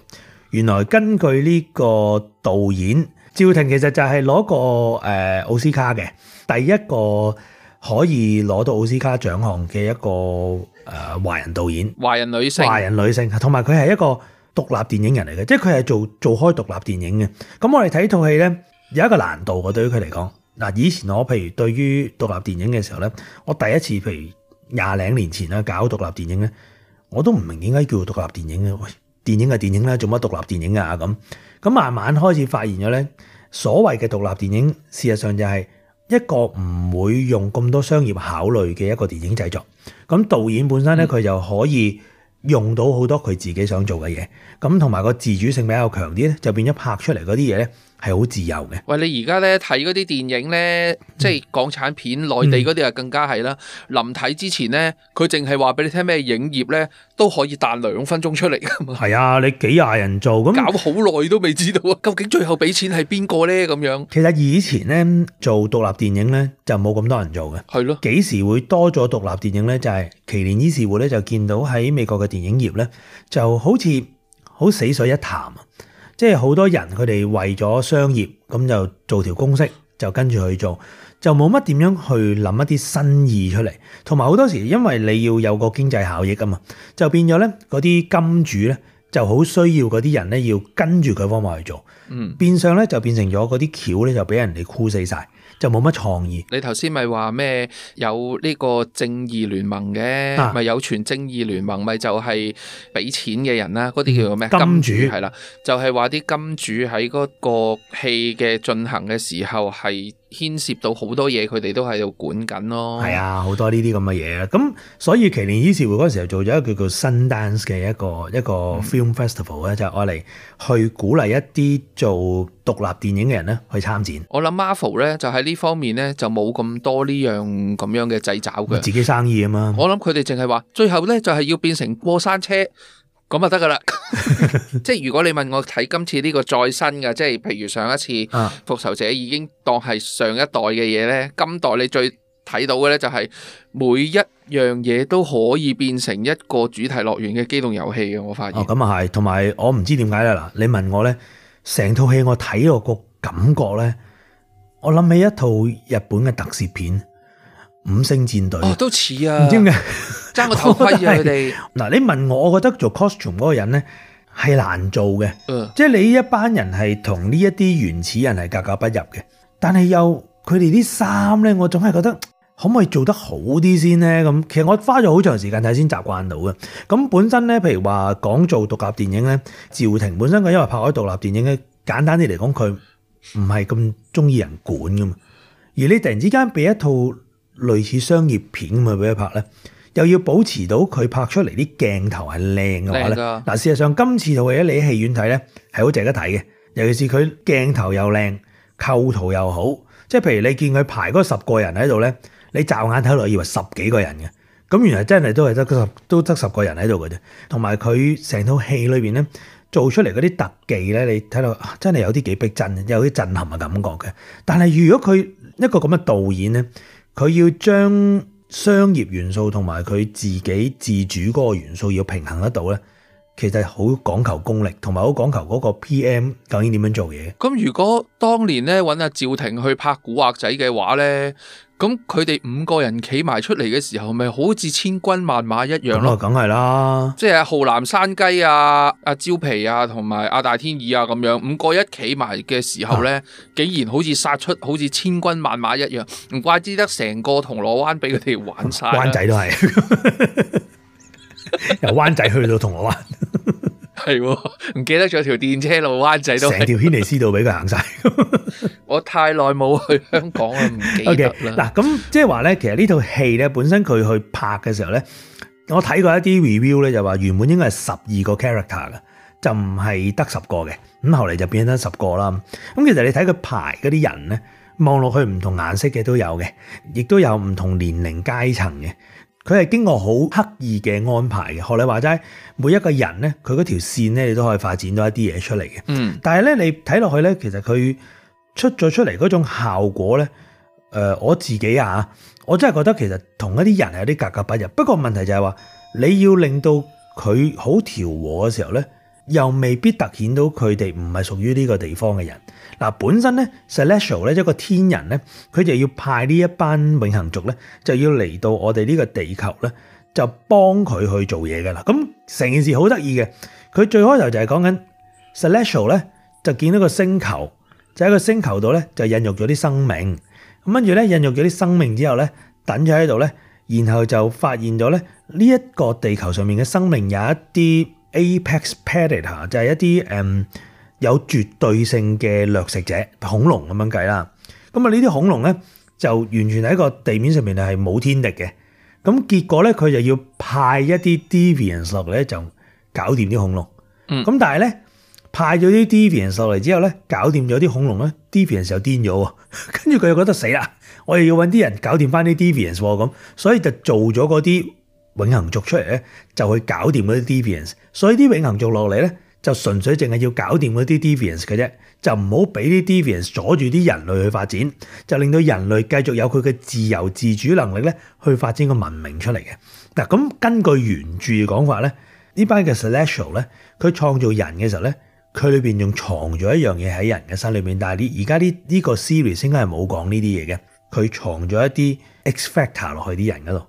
原來根據呢個導演趙婷，其實就係攞個誒奧、呃、斯卡嘅第一個可以攞到奧斯卡獎項嘅一個誒、呃、華人導演。華人女性，華人女性，同埋佢係一個獨立電影人嚟嘅，即係佢係做做開獨立電影嘅。咁我哋睇套戲咧，有一個難度嘅，對於佢嚟講。嗱，以前我譬如對於獨立電影嘅時候咧，我第一次譬如廿零年前啦搞獨立電影咧，我都唔明點解叫獨立電影嘅，電影係電影啦，做乜獨立電影啊咁？咁慢慢開始發現咗咧，所謂嘅獨立電影，事實上就係一個唔會用咁多商業考慮嘅一個電影製作。咁導演本身咧，佢就可以用到好多佢自己想做嘅嘢。咁同埋個自主性比較強啲咧，就變咗拍出嚟嗰啲嘢咧。係好自由嘅。喂，你而家咧睇嗰啲電影咧，即係港產片、嗯、內地嗰啲啊，更加係啦。臨、嗯、睇之前咧，佢淨係話俾你聽咩影業咧都可以彈兩分鐘出嚟㗎嘛。係啊，你幾廿人做咁，搞好耐都未知道啊，究竟最後俾錢係邊個咧？咁樣，其實以前咧做獨立電影咧就冇咁多人做嘅，係咯。幾時會多咗獨立電影咧？就係、是、奇年理事會咧就見到喺美國嘅電影業咧就好似好死水一潭。即係好多人佢哋為咗商業，咁就做條公式就跟住去做，就冇乜點樣去諗一啲新意出嚟。同埋好多時，因為你要有個經濟效益啊嘛，就變咗咧嗰啲金主咧就好需要嗰啲人咧要跟住佢方法去做，嗯、變相咧就變成咗嗰啲橋咧就俾人哋箍死晒。就冇乜創意。你頭先咪話咩？有呢個正義聯盟嘅，咪、啊、有傳正義聯盟，咪就係俾錢嘅人啦。嗰啲叫做咩？金主係啦，就係話啲金主喺嗰個戲嘅進行嘅時候係。牽涉到好多嘢，佢哋都喺度管緊咯。係啊，好多呢啲咁嘅嘢，咁所以奇年影視會嗰時候做咗一個叫 Sundance 嘅一個一個 film festival 咧、嗯，就我、是、嚟去鼓勵一啲做獨立電影嘅人咧去參展。我諗 Marvel 咧就喺呢方面咧就冇咁多呢樣咁樣嘅掣肘嘅。自己生意啊嘛。我諗佢哋淨係話最後咧就係、是、要變成過山車。咁就得噶啦！即係如果你問我睇今次呢個再新嘅，即係譬如上一次《復仇者》已經當係上一代嘅嘢咧，今代你最睇到嘅咧就係每一樣嘢都可以變成一個主題樂園嘅機動遊戲嘅。我發現哦，咁啊係，同埋我唔知點解咧嗱，你問我咧成套戲我睇落個感覺咧，我諗起一套日本嘅特攝片《五星戰隊》哦，都似啊，唔知點解？爭個頭盔佢哋，嗱，你問我，我覺得做 costume 嗰個人咧係難做嘅。嗯，即係你一班人係同呢一啲原始人係格格不入嘅，但係又佢哋啲衫咧，我總係覺得可唔可以做得好啲先咧？咁其實我花咗好長時間睇先習慣到嘅。咁本身咧，譬如話講做獨立電影咧，趙婷本身佢因為拍開獨立電影咧，簡單啲嚟講，佢唔係咁中意人管噶嘛，而你突然之間俾一套類似商業片咁啊俾佢拍咧。又要保持到佢拍出嚟啲鏡頭係靚嘅話咧，嗱，事實上今次套嘢你喺戲院睇咧係好值得睇嘅，尤其是佢鏡頭又靚，構圖又好，即係譬如你見佢排嗰十個人喺度咧，你驟眼睇落以為十幾個人嘅，咁原來真係都係得十都得十個人喺度嘅啫。同埋佢成套戲裏邊咧做出嚟嗰啲特技咧，你睇到、啊、真係有啲幾逼真，有啲震撼嘅感覺嘅。但係如果佢一個咁嘅導演咧，佢要將商業元素同埋佢自己自主嗰個元素要平衡得到呢，其實好講求功力，同埋好講求嗰個 PM 究竟點樣做嘢。咁如果當年呢，揾阿趙婷去拍古惑仔嘅話呢。咁佢哋五個人企埋出嚟嘅時候，咪好似千軍萬馬一樣咯。咁梗係啦。即係浩南山雞啊、阿巢皮啊、同埋阿大天二啊咁樣，五個一企埋嘅時候呢，竟然好似殺出好似千軍萬馬一樣，唔、啊啊啊啊啊、怪之得成個銅鑼灣俾佢哋玩晒。灣仔都係 由灣仔去到銅鑼灣。 係，唔記得咗條電車路，灣仔都成條軒尼詩道俾佢行晒， 我太耐冇去香港啊，唔記得啦。嗱、okay,，咁即係話咧，其實呢套戲咧本身佢去拍嘅時候咧，我睇過一啲 review 咧就話原本應該係十二個 character 嘅，就唔係得十個嘅。咁後嚟就變咗十個啦。咁其實你睇佢排嗰啲人咧，望落去唔同顏色嘅都有嘅，亦都有唔同年齡階層嘅。佢係經過好刻意嘅安排嘅，學你話齋，每一個人咧，佢嗰條線咧，你都可以發展到一啲嘢出嚟嘅。嗯，但係咧，你睇落去咧，其實佢出咗出嚟嗰種效果咧，呃，我自己啊，我真係覺得其實同一啲人係有啲格格不入。不過問題就係話，你要令到佢好調和嘅時候咧，又未必突顯到佢哋唔係屬於呢個地方嘅人。嗱，本身咧，Celestial 咧一個天人咧，佢就要派呢一班永恆族咧，就要嚟到我哋呢個地球咧，就幫佢去做嘢噶啦。咁成件事好得意嘅，佢最開頭就係講緊 Celestial 咧，就見到個星球，就喺個星球度咧就孕育咗啲生命。咁跟住咧，孕育咗啲生命之後咧，等咗喺度咧，然後就發現咗咧呢一個地球上面嘅生命有一啲 apex predator 嚇，就係一啲嗯。有絕對性嘅掠食者恐龍咁樣計啦，咁啊呢啲恐龍咧就完全喺個地面上面係冇天敵嘅，咁結果咧佢就要派一啲 deviants 落嚟就搞掂啲恐龍，咁、嗯、但係咧派咗啲 deviants 落嚟之後咧搞掂咗啲恐龍咧，deviants 又癲咗喎，跟住佢又覺得死啦，我又要揾啲人搞掂翻啲 deviants 喎，咁所以就做咗嗰啲永恆族出嚟咧，就去搞掂嗰啲 deviants，所以啲永恆族落嚟咧。就純粹淨係要搞掂嗰啲 deviance 嘅啫，就唔好俾啲 deviance 阻住啲人類去發展，就令到人類繼續有佢嘅自由自主能力咧，去發展個文明出嚟嘅。嗱咁根據原著嘅講法咧，呢班嘅 Celestial 咧，佢創造人嘅時候咧，佢裏面仲藏咗一樣嘢喺人嘅身裏面。但係呢而家呢呢個 series 應該係冇講呢啲嘢嘅，佢藏咗一啲 X-Factor 落去啲人嗰度，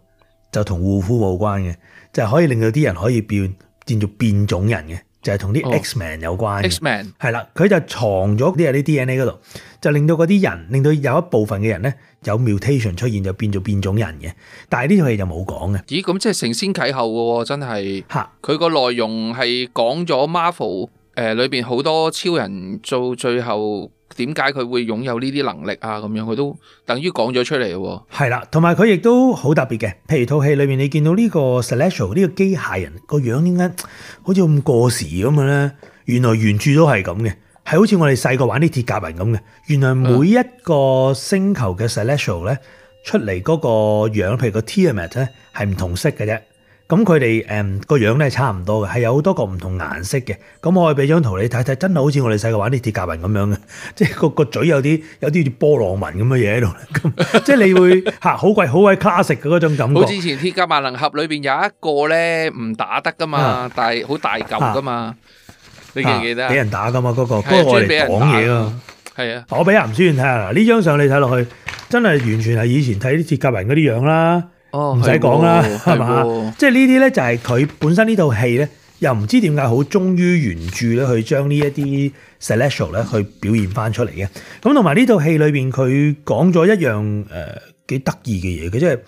就同護膚冇關嘅，就係可以令到啲人可以變變做變種人嘅。就係、是、同啲 X-Men 有關嘅，係、哦、啦，佢就藏咗啲喺啲 DNA 嗰度，就令到嗰啲人，令到有一部分嘅人咧有 mutation 出現，就變做變種人嘅。但係呢套戲就冇講嘅。咦，咁即係承先啟後嘅喎、哦，真係。嚇，佢個內容係講咗 Marvel 誒、呃、裏面好多超人做最後。點解佢會擁有呢啲能力啊？咁樣佢都等於講咗出嚟喎。係啦，同埋佢亦都好特別嘅。譬如套戲裏面你見到呢個 Celestial 呢個機械人個樣點解好似咁過時咁嘅咧？原來原著都係咁嘅，係好似我哋細個玩啲鐵甲人咁嘅。原來每一個星球嘅 Celestial 咧出嚟嗰個樣、嗯，譬如個 Tiamut 咧係唔同色嘅啫。咁佢哋誒個樣咧係差唔多嘅，係有好多個唔同顏色嘅。咁我可以俾張圖你睇睇，真係好似我哋細個玩啲鐵甲雲咁樣嘅，即係個個嘴有啲有啲波浪紋咁嘅嘢喺度。即係你會嚇好鬼好鬼卡食嘅嗰種感覺。好，之前鐵甲萬能俠裏邊有一個咧唔打得㗎嘛，但係好大嚿㗎嘛，你記唔記得？俾人打㗎嘛嗰個，嗰個係專俾人講嘢咯。係啊，我俾阿林尊睇下啦，呢張相你睇落去真係完全係以前睇啲鐵甲雲嗰啲樣啦。哦，唔使講啦，係嘛？即係呢啲咧，就係佢本身呢套戲咧，又唔知點解好忠於原著咧，去將呢一啲 celestial 咧，去表現翻出嚟嘅。咁同埋呢套戲裏面，佢講咗一樣誒幾得意嘅嘢，佢、呃、即係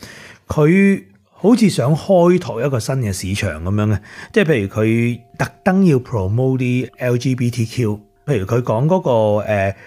佢好似想開拓一個新嘅市場咁樣嘅。即係譬如佢特登要 promote 啲 LGBTQ，譬如佢講嗰個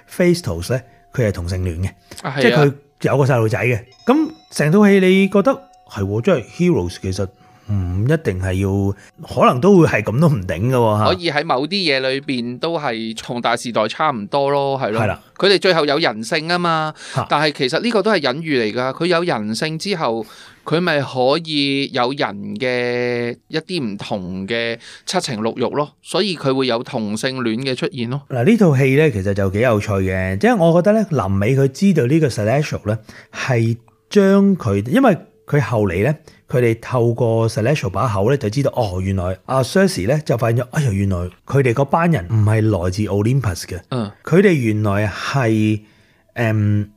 Phastos 咧，佢、呃、係、啊、同性戀嘅、啊，即係佢。有個細路仔嘅，咁成套戲你覺得係即係 Heroes，其實唔一定係要，可能都會係咁都唔頂噶，可以喺某啲嘢裏邊都係從大時代差唔多咯，係咯，佢哋最後有人性啊嘛，但係其實呢個都係隱喻嚟噶，佢有人性之後。佢咪可以有人嘅一啲唔同嘅七情六欲咯，所以佢會有同性戀嘅出現咯。嗱呢套戲咧其實就幾有趣嘅，即係我覺得咧臨尾佢知道呢個 Celestial 咧係將佢，因為佢後嚟咧佢哋透過 Celestial 把口咧就知道哦，原來阿、啊、Sersi 咧就發現咗，哎呀原來佢哋嗰班人唔係來自 Olympus 嘅，嗯，佢哋原來係誒、嗯、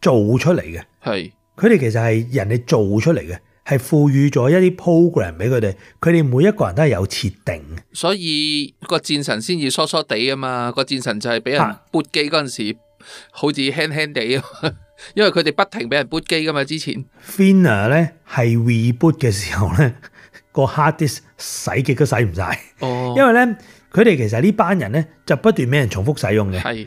做出嚟嘅，係。佢哋其實係人哋做出嚟嘅，係賦予咗一啲 program 俾佢哋。佢哋每一個人都係有設定，所以個戰神先至疏疏地啊嘛。個戰神就係俾人 boot 機嗰陣時，啊，好似輕輕地，因為佢哋不停俾人 boot 機噶嘛。之前 Finner 咧係 reboot 嘅時候咧，個 hard disk 洗極都洗唔晒，哦，因為咧佢哋其實呢班人咧就不斷俾人重複使用嘅。係。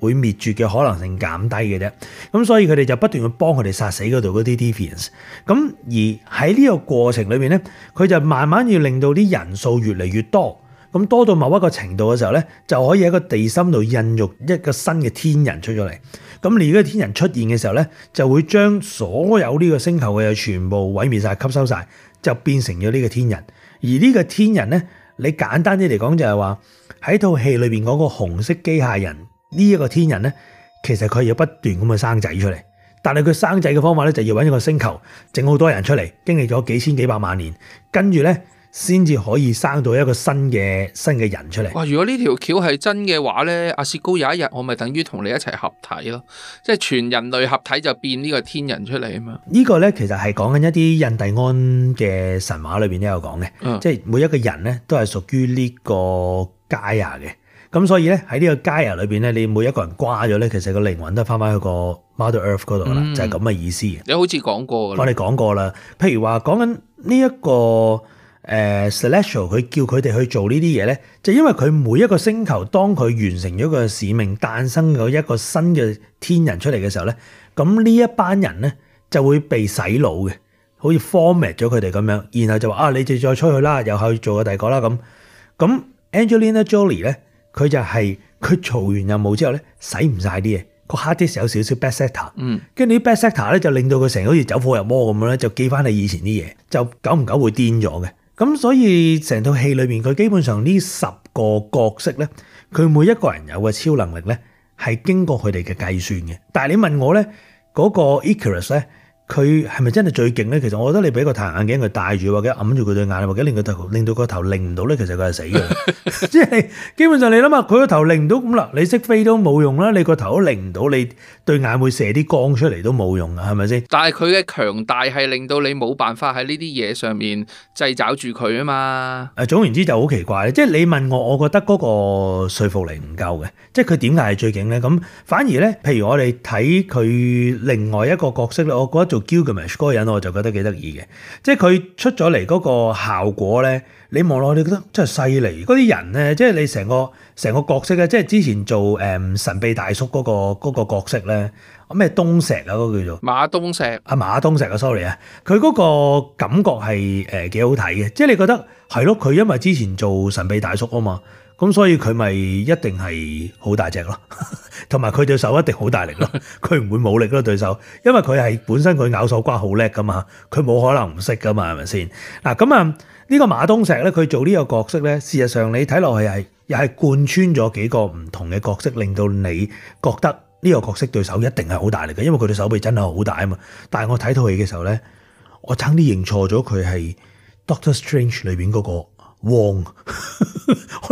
會滅絕嘅可能性減低嘅啫，咁所以佢哋就不斷去幫佢哋殺死嗰度嗰啲 deviance。咁而喺呢個過程裏面咧，佢就慢慢要令到啲人數越嚟越多，咁多到某一個程度嘅時候咧，就可以喺個地心度孕育一個新嘅天人出咗嚟。咁而呢個天人出現嘅時候咧，就會將所有呢個星球嘅嘢全部毀滅晒、吸收晒，就變成咗呢個天人。而呢個天人咧，你簡單啲嚟講就係話喺套戲裏面嗰個紅色機械人。呢、這、一個天人咧，其實佢要不斷咁去生仔出嚟，但係佢生仔嘅方法咧，就要搵一個星球整好多人出嚟，經歷咗幾千幾百萬年，跟住咧先至可以生到一個新嘅新嘅人出嚟。哇、哦！如果呢條橋係真嘅話咧，阿、啊、雪高，有一日我咪等於同你一齊合體咯，即係全人類合體就變呢個天人出嚟啊嘛？這個、呢個咧其實係講緊一啲印第安嘅神話裏邊都有講嘅、嗯，即係每一個人咧都係屬於呢個蓋亞嘅。咁所以咧喺呢個 Gaia 裏邊咧，你每一個人瓜咗咧，其實個靈魂都翻翻去個 Mother Earth 嗰度啦，就係咁嘅意思。你好似講過，我哋講過啦。譬如話講緊呢一個誒 Celestial 佢叫佢哋去做呢啲嘢咧，就因為佢每一個星球當佢完成咗個使命，誕生咗一個新嘅天人出嚟嘅時候咧，咁呢一班人咧就會被洗腦嘅，好似 format 咗佢哋咁樣，然後就話啊，你哋再出去啦，又去做個第二個啦咁。咁 Angelina Jolie 咧。佢就係佢嘈完任務之後咧，使唔晒啲嘢，個 hard disk 啲有少少 bad sector，嗯，跟住啲 bad sector 咧就令到佢成日好似走火入魔咁樣咧，就記翻你以前啲嘢，就久唔久會癲咗嘅。咁所以成套戲裏面佢基本上呢十個角色咧，佢每一個人有嘅超能力咧係經過佢哋嘅計算嘅。但係你問我咧，嗰、那個 Icarus 咧。佢係咪真係最勁咧？其實我覺得你俾個太陽眼鏡佢戴住嘅話，佢揞住佢對眼嘅話，佢令佢頭令到個頭擰唔到咧，其實佢係死嘅。即係基本上你諗下，佢個頭擰唔到咁啦，你識飛都冇用啦，你個頭都擰唔到，你對眼會射啲光出嚟都冇用啊，係咪先？但係佢嘅強大係令到你冇辦法喺呢啲嘢上面制找住佢啊嘛。誒，總言之就好奇怪咧，即係你問我，我覺得嗰個說服力唔夠嘅。即係佢點解係最勁咧？咁反而咧，譬如我哋睇佢另外一個角色咧，我覺得做。Gilgamesh 嗰個人我就覺得幾得意嘅，即係佢出咗嚟嗰個效果咧，你望落你覺得真係犀利。嗰啲人咧，即係你成個成個角色咧，即係之前做、嗯、神秘大叔嗰、那個那個角色咧，咩東石啊嗰、那個叫做馬東石，阿、啊、馬東石啊，sorry 啊，佢嗰個感覺係誒幾好睇嘅，即係你覺得係咯，佢因為之前做神秘大叔啊嘛。咁所以佢咪一定係好大隻咯，同埋佢對手一定好大力咯。佢唔會冇力咯， 對手，因為佢係本身佢咬手瓜好叻噶嘛，佢冇可能唔識噶嘛，係咪先嗱？咁啊，呢個馬東石咧，佢做呢個角色咧，事實上你睇落去係又係貫穿咗幾個唔同嘅角色，令到你覺得呢個角色對手一定係好大力嘅，因為佢對手臂真係好大啊嘛。但係我睇套戲嘅時候咧，我差啲認錯咗佢係 Doctor Strange 裏面嗰個王。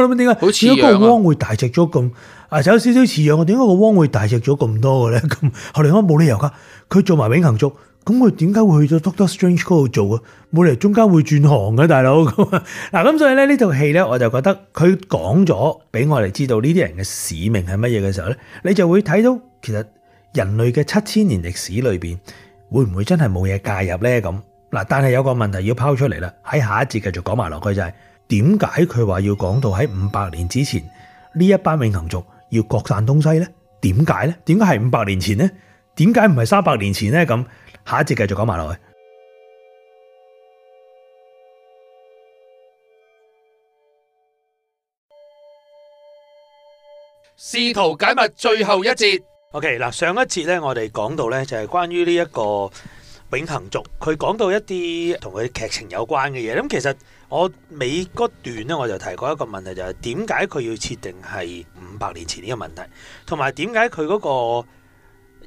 我諗點解？如果、啊、個汪會大隻咗咁啊，就有少少似樣。我點解個汪會大隻咗咁多嘅咧？咁 後來我冇理由噶，佢做埋永恆族，咁佢點解會去到 Doctor Strange 嗰度做啊？冇理由中間會轉行嘅、啊，大佬咁嗱。咁、 啊、所以咧呢套戲咧，我就覺得佢講咗俾我哋知道呢啲人嘅使命係乜嘢嘅時候咧，你就會睇到其實人類嘅七千年歷史裏邊會唔會真係冇嘢介入咧？咁嗱，但係有個問題要拋出嚟啦，喺下一節繼續講埋落去就係、是。點解佢話要講到喺五百年之前呢一班永恒族要各散東西呢？點解呢？點解係五百年前呢？點解唔係三百年前呢？咁下一節繼續講埋落去，試圖解密最後一節。OK 嗱，上一節呢，我哋講到呢就係關於呢一個。永恆族佢講到一啲同佢劇情有關嘅嘢，咁其實我尾嗰段咧，我就提過一個問題，就是，就係點解佢要設定係五百年前呢個問題，同埋點解佢嗰個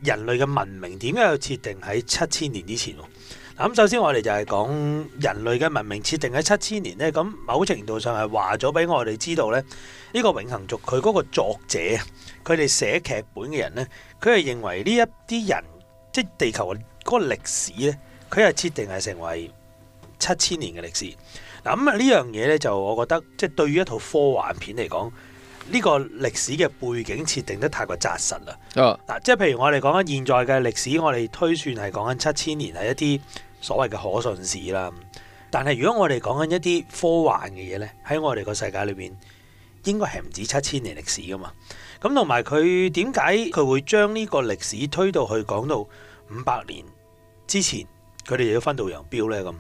人類嘅文明點解要設定喺七千年之前？嗱，咁首先我哋就係講人類嘅文明設定喺七千年咧，咁某程度上係話咗俾我哋知道咧，呢個永恆族佢嗰個作者，佢哋寫劇本嘅人咧，佢係認為呢一啲人即地球。嗰個歷史咧，佢係設定係成為七千年嘅歷史。嗱，咁啊呢樣嘢咧，就我覺得，即係對於一套科幻片嚟講，呢個歷史嘅背景設定得太過扎實啦。嗱、啊，即係譬如我哋講緊現在嘅歷史，我哋推算係講緊七千年係一啲所謂嘅可信史啦。但係如果我哋講緊一啲科幻嘅嘢咧，喺我哋個世界裏邊，應該係唔止七千年歷史噶嘛。咁同埋佢點解佢會將呢個歷史推到去講到五百年之前，佢哋要分道揚鑣咧咁。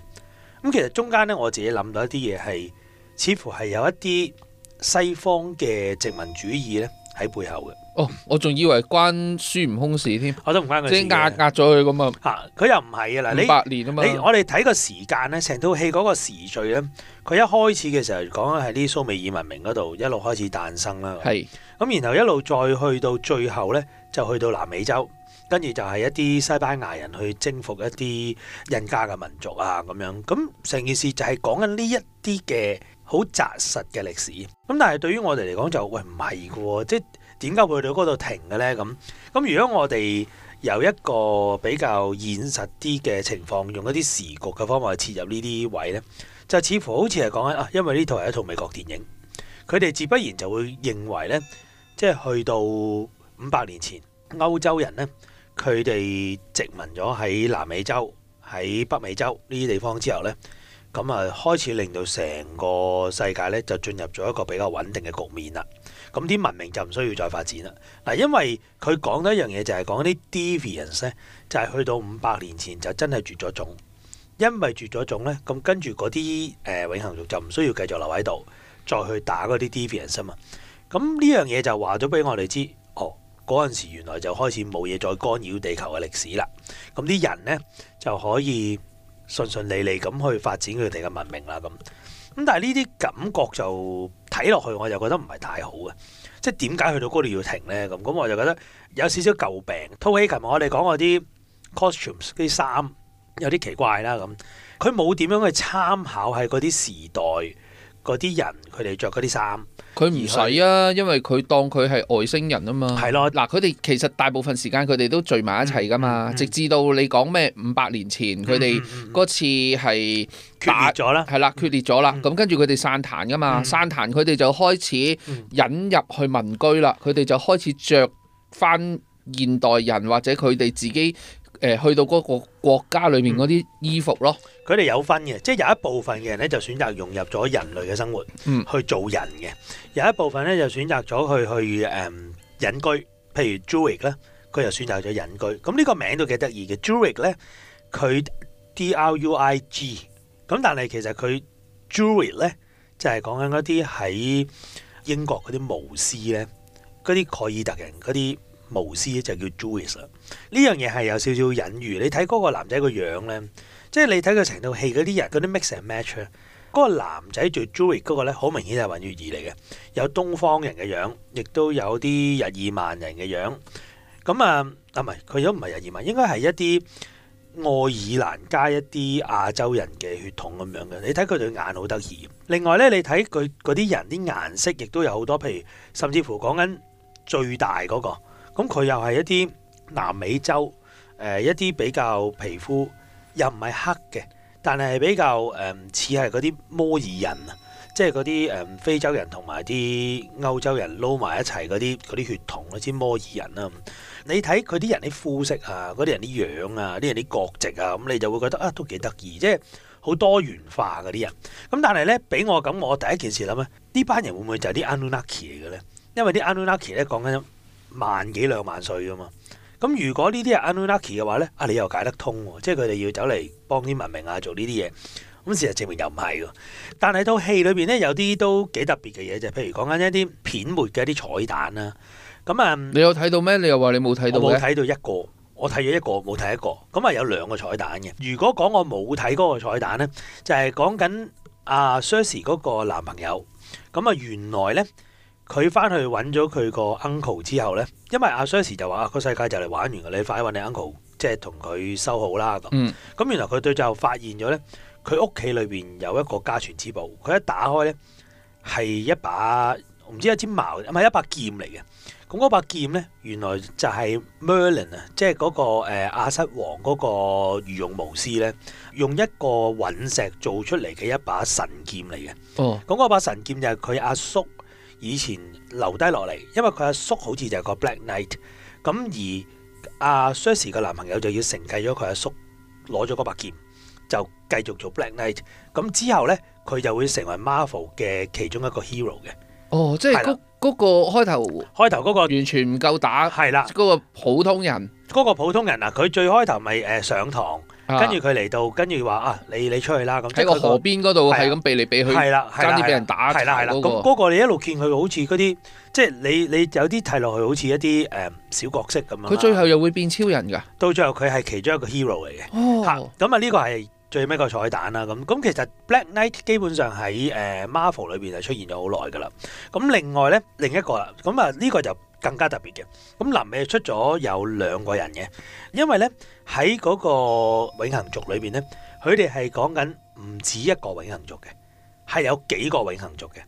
咁其實中間咧，我自己諗到一啲嘢係，似乎係有一啲西方嘅殖民主義咧喺背後嘅。哦，我仲以為關孫悟空事添，我都唔關佢事，即係壓壓咗佢咁啊。吓，佢又唔係啊嗱，你百年啊嘛你，我哋睇個時間咧，成套戲嗰個時序咧，佢一開始嘅時候講緊係啲蘇美爾文明嗰度一路開始誕生啦。係，咁然後一路再去到最後咧，就去到南美洲。跟住就係一啲西班牙人去征服一啲印加嘅民族啊，咁樣咁成件事就係講緊呢一啲嘅好扎實嘅歷史。咁但係對於我哋嚟講，就喂唔係嘅，即係點解會去到嗰度停嘅呢？咁咁如果我哋由一個比較現實啲嘅情況，用一啲時局嘅方法去切入呢啲位呢，就似乎好似係講緊啊，因為呢套係一套美國電影，佢哋自不然就會認為呢，即係去到五百年前歐洲人呢。佢哋殖民咗喺南美洲、喺北美洲呢啲地方之後呢，咁啊，開始令到成個世界呢就進入咗一個比較穩定嘅局面啦。咁啲文明就唔需要再發展啦。嗱，因為佢講到一樣嘢就係講啲 deviants 呢，就係去到五百年前就真係絕咗種，因為絕咗種呢，咁跟住嗰啲誒，永恆族就唔需要繼續留喺度，再去打嗰啲 deviants 啊嘛。咁呢樣嘢就話咗俾我哋知。嗰陣時原來就開始冇嘢再干擾地球嘅歷史啦，咁啲人呢，就可以順順利利咁去發展佢哋嘅文明啦咁。咁但係呢啲感覺就睇落去我就覺得唔係太好嘅，即係點解去到嗰度要停呢？咁咁我就覺得有少少舊病。套起琴日我哋講嗰啲 costumes 啲衫有啲奇怪啦咁，佢冇點樣去參考喺嗰啲時代。嗰啲人佢哋着嗰啲衫，佢唔使啊，因為佢當佢係外星人啊嘛。係咯，嗱佢哋其實大部分時間佢哋都聚埋一齊噶嘛，嗯、直至到你講咩五百年前佢哋嗰次係打咗啦，係啦決裂咗啦。咁、嗯嗯、跟住佢哋散壇噶嘛、嗯，散壇佢哋就開始引入去民居啦，佢、嗯、哋就開始着翻現代人或者佢哋自己。誒去到嗰個國家裏面嗰啲衣服咯，佢哋有分嘅，即係有一部分嘅人咧就選擇融入咗人類嘅生活，嗯，去做人嘅；有一部分咧就選擇咗去去誒、嗯、隱居，譬如 Druig 咧，佢就選擇咗隱居。咁呢個名都幾得意嘅，Druig 咧，佢 D R U I G。咁但係其實佢 Druig 咧就係講緊一啲喺英國嗰啲巫師咧，嗰啲蓋爾特人嗰啲。巫師就叫 Jewish 啦。呢樣嘢係有少少隱喻。你睇嗰個男仔個樣呢，即係你睇佢成套戲嗰啲人嗰啲 mix and match 嗰個男仔最 Jewish 嗰個呢，好明顯係混血兒嚟嘅，有東方人嘅樣，亦都有啲日耳曼人嘅樣。咁啊，啊唔係佢都唔係日耳曼，應該係一啲愛爾蘭加一啲亞洲人嘅血統咁樣嘅。你睇佢對眼好得意。另外呢，你睇佢嗰啲人啲顏色，亦都有好多，譬如甚至乎講緊最大嗰個。咁佢又係一啲南美洲誒、呃、一啲比較皮膚又唔係黑嘅，但係比較誒似係嗰啲摩爾人、呃、人、人、人啊，即係嗰啲誒非洲人同埋啲歐洲人撈埋一齊嗰啲啲血統嗰啲摩爾人啦。你睇佢啲人啲膚色啊，嗰啲人啲樣啊，啲人啲國籍啊，咁你就會覺得啊，都幾得意，即係好多元化嗰啲人。咁但係咧，俾我咁，我第一件事諗咧，呢班人會唔會就係啲 Anunnaki 嚟嘅咧？因為啲 Anunnaki 咧講緊。萬幾兩萬歲噶嘛？咁如果呢啲係 Annunaki 嘅話咧，啊你又解得通喎？即係佢哋要走嚟幫啲文明啊做呢啲嘢。咁事實證明又唔係喎。但係套戲裏邊咧有啲都幾特別嘅嘢，就譬如講緊一啲片末嘅一啲彩蛋啦。咁啊，你有睇到咩？你又話你冇睇到冇睇到一個，我睇咗一個，冇睇一個。咁啊有兩個彩蛋嘅。如果講我冇睇嗰個彩蛋咧，就係、是、講緊阿 Sersi 嗰個男朋友。咁啊原來咧。佢翻去揾咗佢個 uncle 之後咧，因為阿蘇斯就話個、啊、世界就嚟玩完嘅，你快啲揾你 uncle，即係同佢收好啦。咁、那、咁、個嗯、原來佢對就發現咗咧，佢屋企裏邊有一個家傳之寶，佢一打開咧係一把，唔知一支矛，唔係一把劍嚟嘅。咁嗰把劍咧，原來就係 Merlin 就是、那個、啊，即係嗰個阿亞瑟王嗰個御用巫師咧，用一個隕石做出嚟嘅一把神劍嚟嘅。哦、嗯，咁嗰把神劍就係佢阿叔，叔以前留低落嚟，因為佢阿叔，叔好似就係個 Black Knight。咁而阿 Sersi 個男朋友就要承繼咗佢阿叔攞咗嗰把劍，就繼續做 Black Knight。咁之後咧，佢就會成為 Marvel 嘅其中一個 hero 嘅。哦，即係、嗰、嗰個、嗰個開頭開頭、嗰個、完全唔夠打，係啦，嗰個普通人，嗰個普通人啊，佢最開頭咪誒上堂。啊、跟住佢嚟到，跟住話啊，你你出去啦咁。喺個河邊嗰度係咁避嚟避去，跟住俾人打、那個。係啦係啦，咁嗰、啊啊啊啊啊、個你一路見佢好似嗰啲，即係你你有啲睇落去好似一啲、嗯、小角色咁樣。佢最後又會變超人噶。到最後佢係其中一個 hero 嚟嘅。咁、哦、啊呢個係最尾個彩蛋啦。咁咁其實 Black Knight 基本上喺、呃、Marvel 裏面就出現咗好耐噶啦。咁另外咧另一個啦，咁啊呢個就更加特別嘅。咁臨尾出咗有兩個人嘅，因為咧。喺嗰個永恆族裏邊咧，佢哋係講緊唔止一個永恆族嘅，係有幾個永恆族嘅。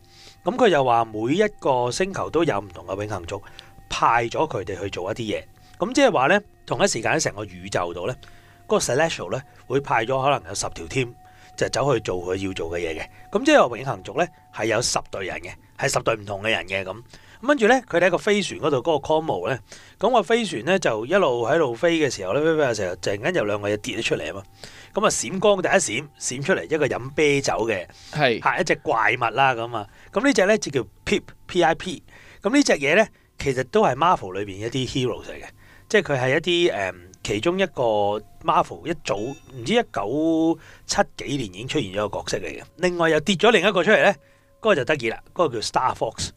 咁佢又話每一個星球都有唔同嘅永恆族派咗佢哋去做一啲嘢。咁即係話咧，同一時間喺成個宇宙度咧，個 Celestial 咧會派咗可能有十條 team，就走去做佢要做嘅嘢嘅。咁即係話永恆族咧係有十隊人嘅，係十隊唔同嘅人嘅咁。跟住咧，佢哋喺一個飛船嗰度，嗰個 como 咧，咁個飛船咧就一路喺度飛嘅時候咧，成日突然間有兩個嘢跌咗出嚟啊嘛，咁啊閃光第一閃閃出嚟一個飲啤酒嘅，吓一隻怪物啦咁啊，咁呢隻咧就叫 pip p i p，咁呢隻嘢咧其實都係 Marvel 裏邊一啲 heroes 嚟嘅，即係佢係一啲誒、嗯、其中一個 Marvel 一早唔知一九七幾年已經出現咗個角色嚟嘅，另外又跌咗另一個出嚟咧，嗰、那個就得意啦，嗰、那個叫 Star Fox。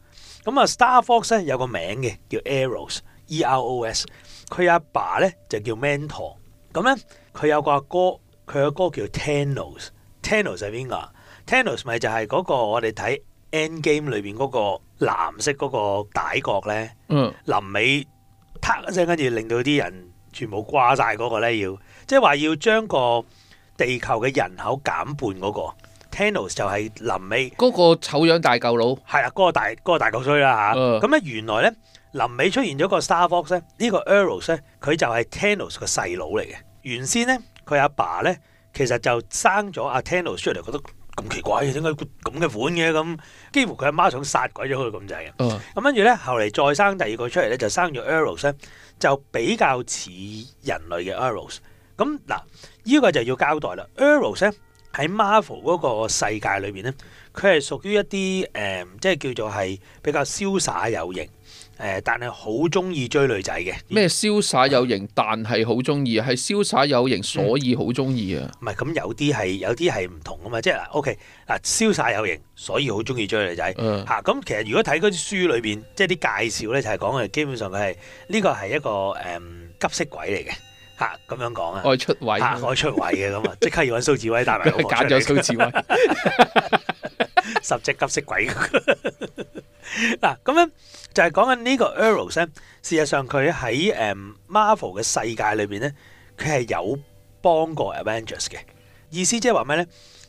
咁啊，StarFox 咧有個名嘅叫 Eros，E-R-O-S。佢阿爸咧就叫 Mentor。咁咧佢有個阿哥，佢阿哥叫 Tennos、mm -hmm.。Tennos 係邊個？Tennos 咪就係嗰個我哋睇 Endgame 裏邊嗰個藍色嗰個大角咧。嗯、mm -hmm.，臨尾啪一聲跟住令到啲人全部掛晒嗰個咧，要即係話要將個地球嘅人口減半嗰、那個。Thanos 就係臨尾嗰個醜樣大舊佬，係啦、啊，嗰、那個大嗰、那個、大舊衰啦、啊、嚇。咁、uh、咧 -huh. 原來咧臨尾出現咗個 Star Fox 咧，呢個 Eros 咧，佢就係 Thanos 個細佬嚟嘅。原先咧佢阿爸咧其實就生咗阿 Thanos 出嚟，覺得咁奇怪，點解咁嘅款嘅咁？幾乎佢阿媽，媽想殺鬼咗佢咁滯嘅。咁跟住咧後嚟再生第二個出嚟咧，就生咗 Eros 咧，就比較似人類嘅 Eros。咁嗱，依、這個就要交代啦。Uh -huh. Eros 咧。喺 Marvel 嗰個世界裏邊咧，佢係屬於一啲誒、呃，即係叫做係比較瀟灑有型，誒、呃，但係好中意追女仔嘅。咩瀟灑有型，但係好中意係瀟灑有型，所以好中意啊！唔係咁，有啲係有啲係唔同啊嘛，即係 OK 嗱，瀟灑有型，所以好中意追女仔嚇。咁、嗯啊、其實如果睇嗰啲書裏邊，即係啲介紹咧，就係講係基本上佢係呢個係一個誒、嗯、急色鬼嚟嘅。吓，咁樣講啊，愛出位吓，愛、啊、出位嘅咁啊，即刻要揾蘇志威帶埋，你揀咗蘇志威， 十隻急色鬼嗱。咁、 啊、樣就係講緊呢個 Eros 咧。事實上，佢喺誒 Marvel 嘅世界裏邊咧，佢係有幫過 Avengers 嘅意思，即係話咩咧？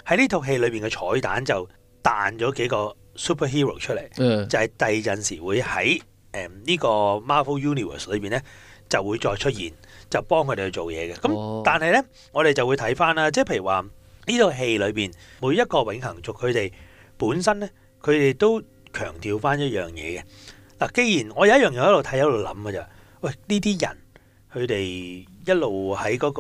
喺呢套戲裏邊嘅彩蛋就彈咗幾個 Superhero 出嚟、嗯，就係、是、第二陣時會喺誒呢個 Marvel Universe 裏邊咧就會再出現。就幫佢哋去做嘢嘅咁，但係呢，我哋就會睇翻啦，即係譬如話呢套戲裏邊每一個永恆族，佢哋本身呢，佢哋都強調翻一樣嘢嘅嗱。既然我有一樣嘢喺度睇喺度諗嘅就，喂呢啲人佢哋一路喺嗰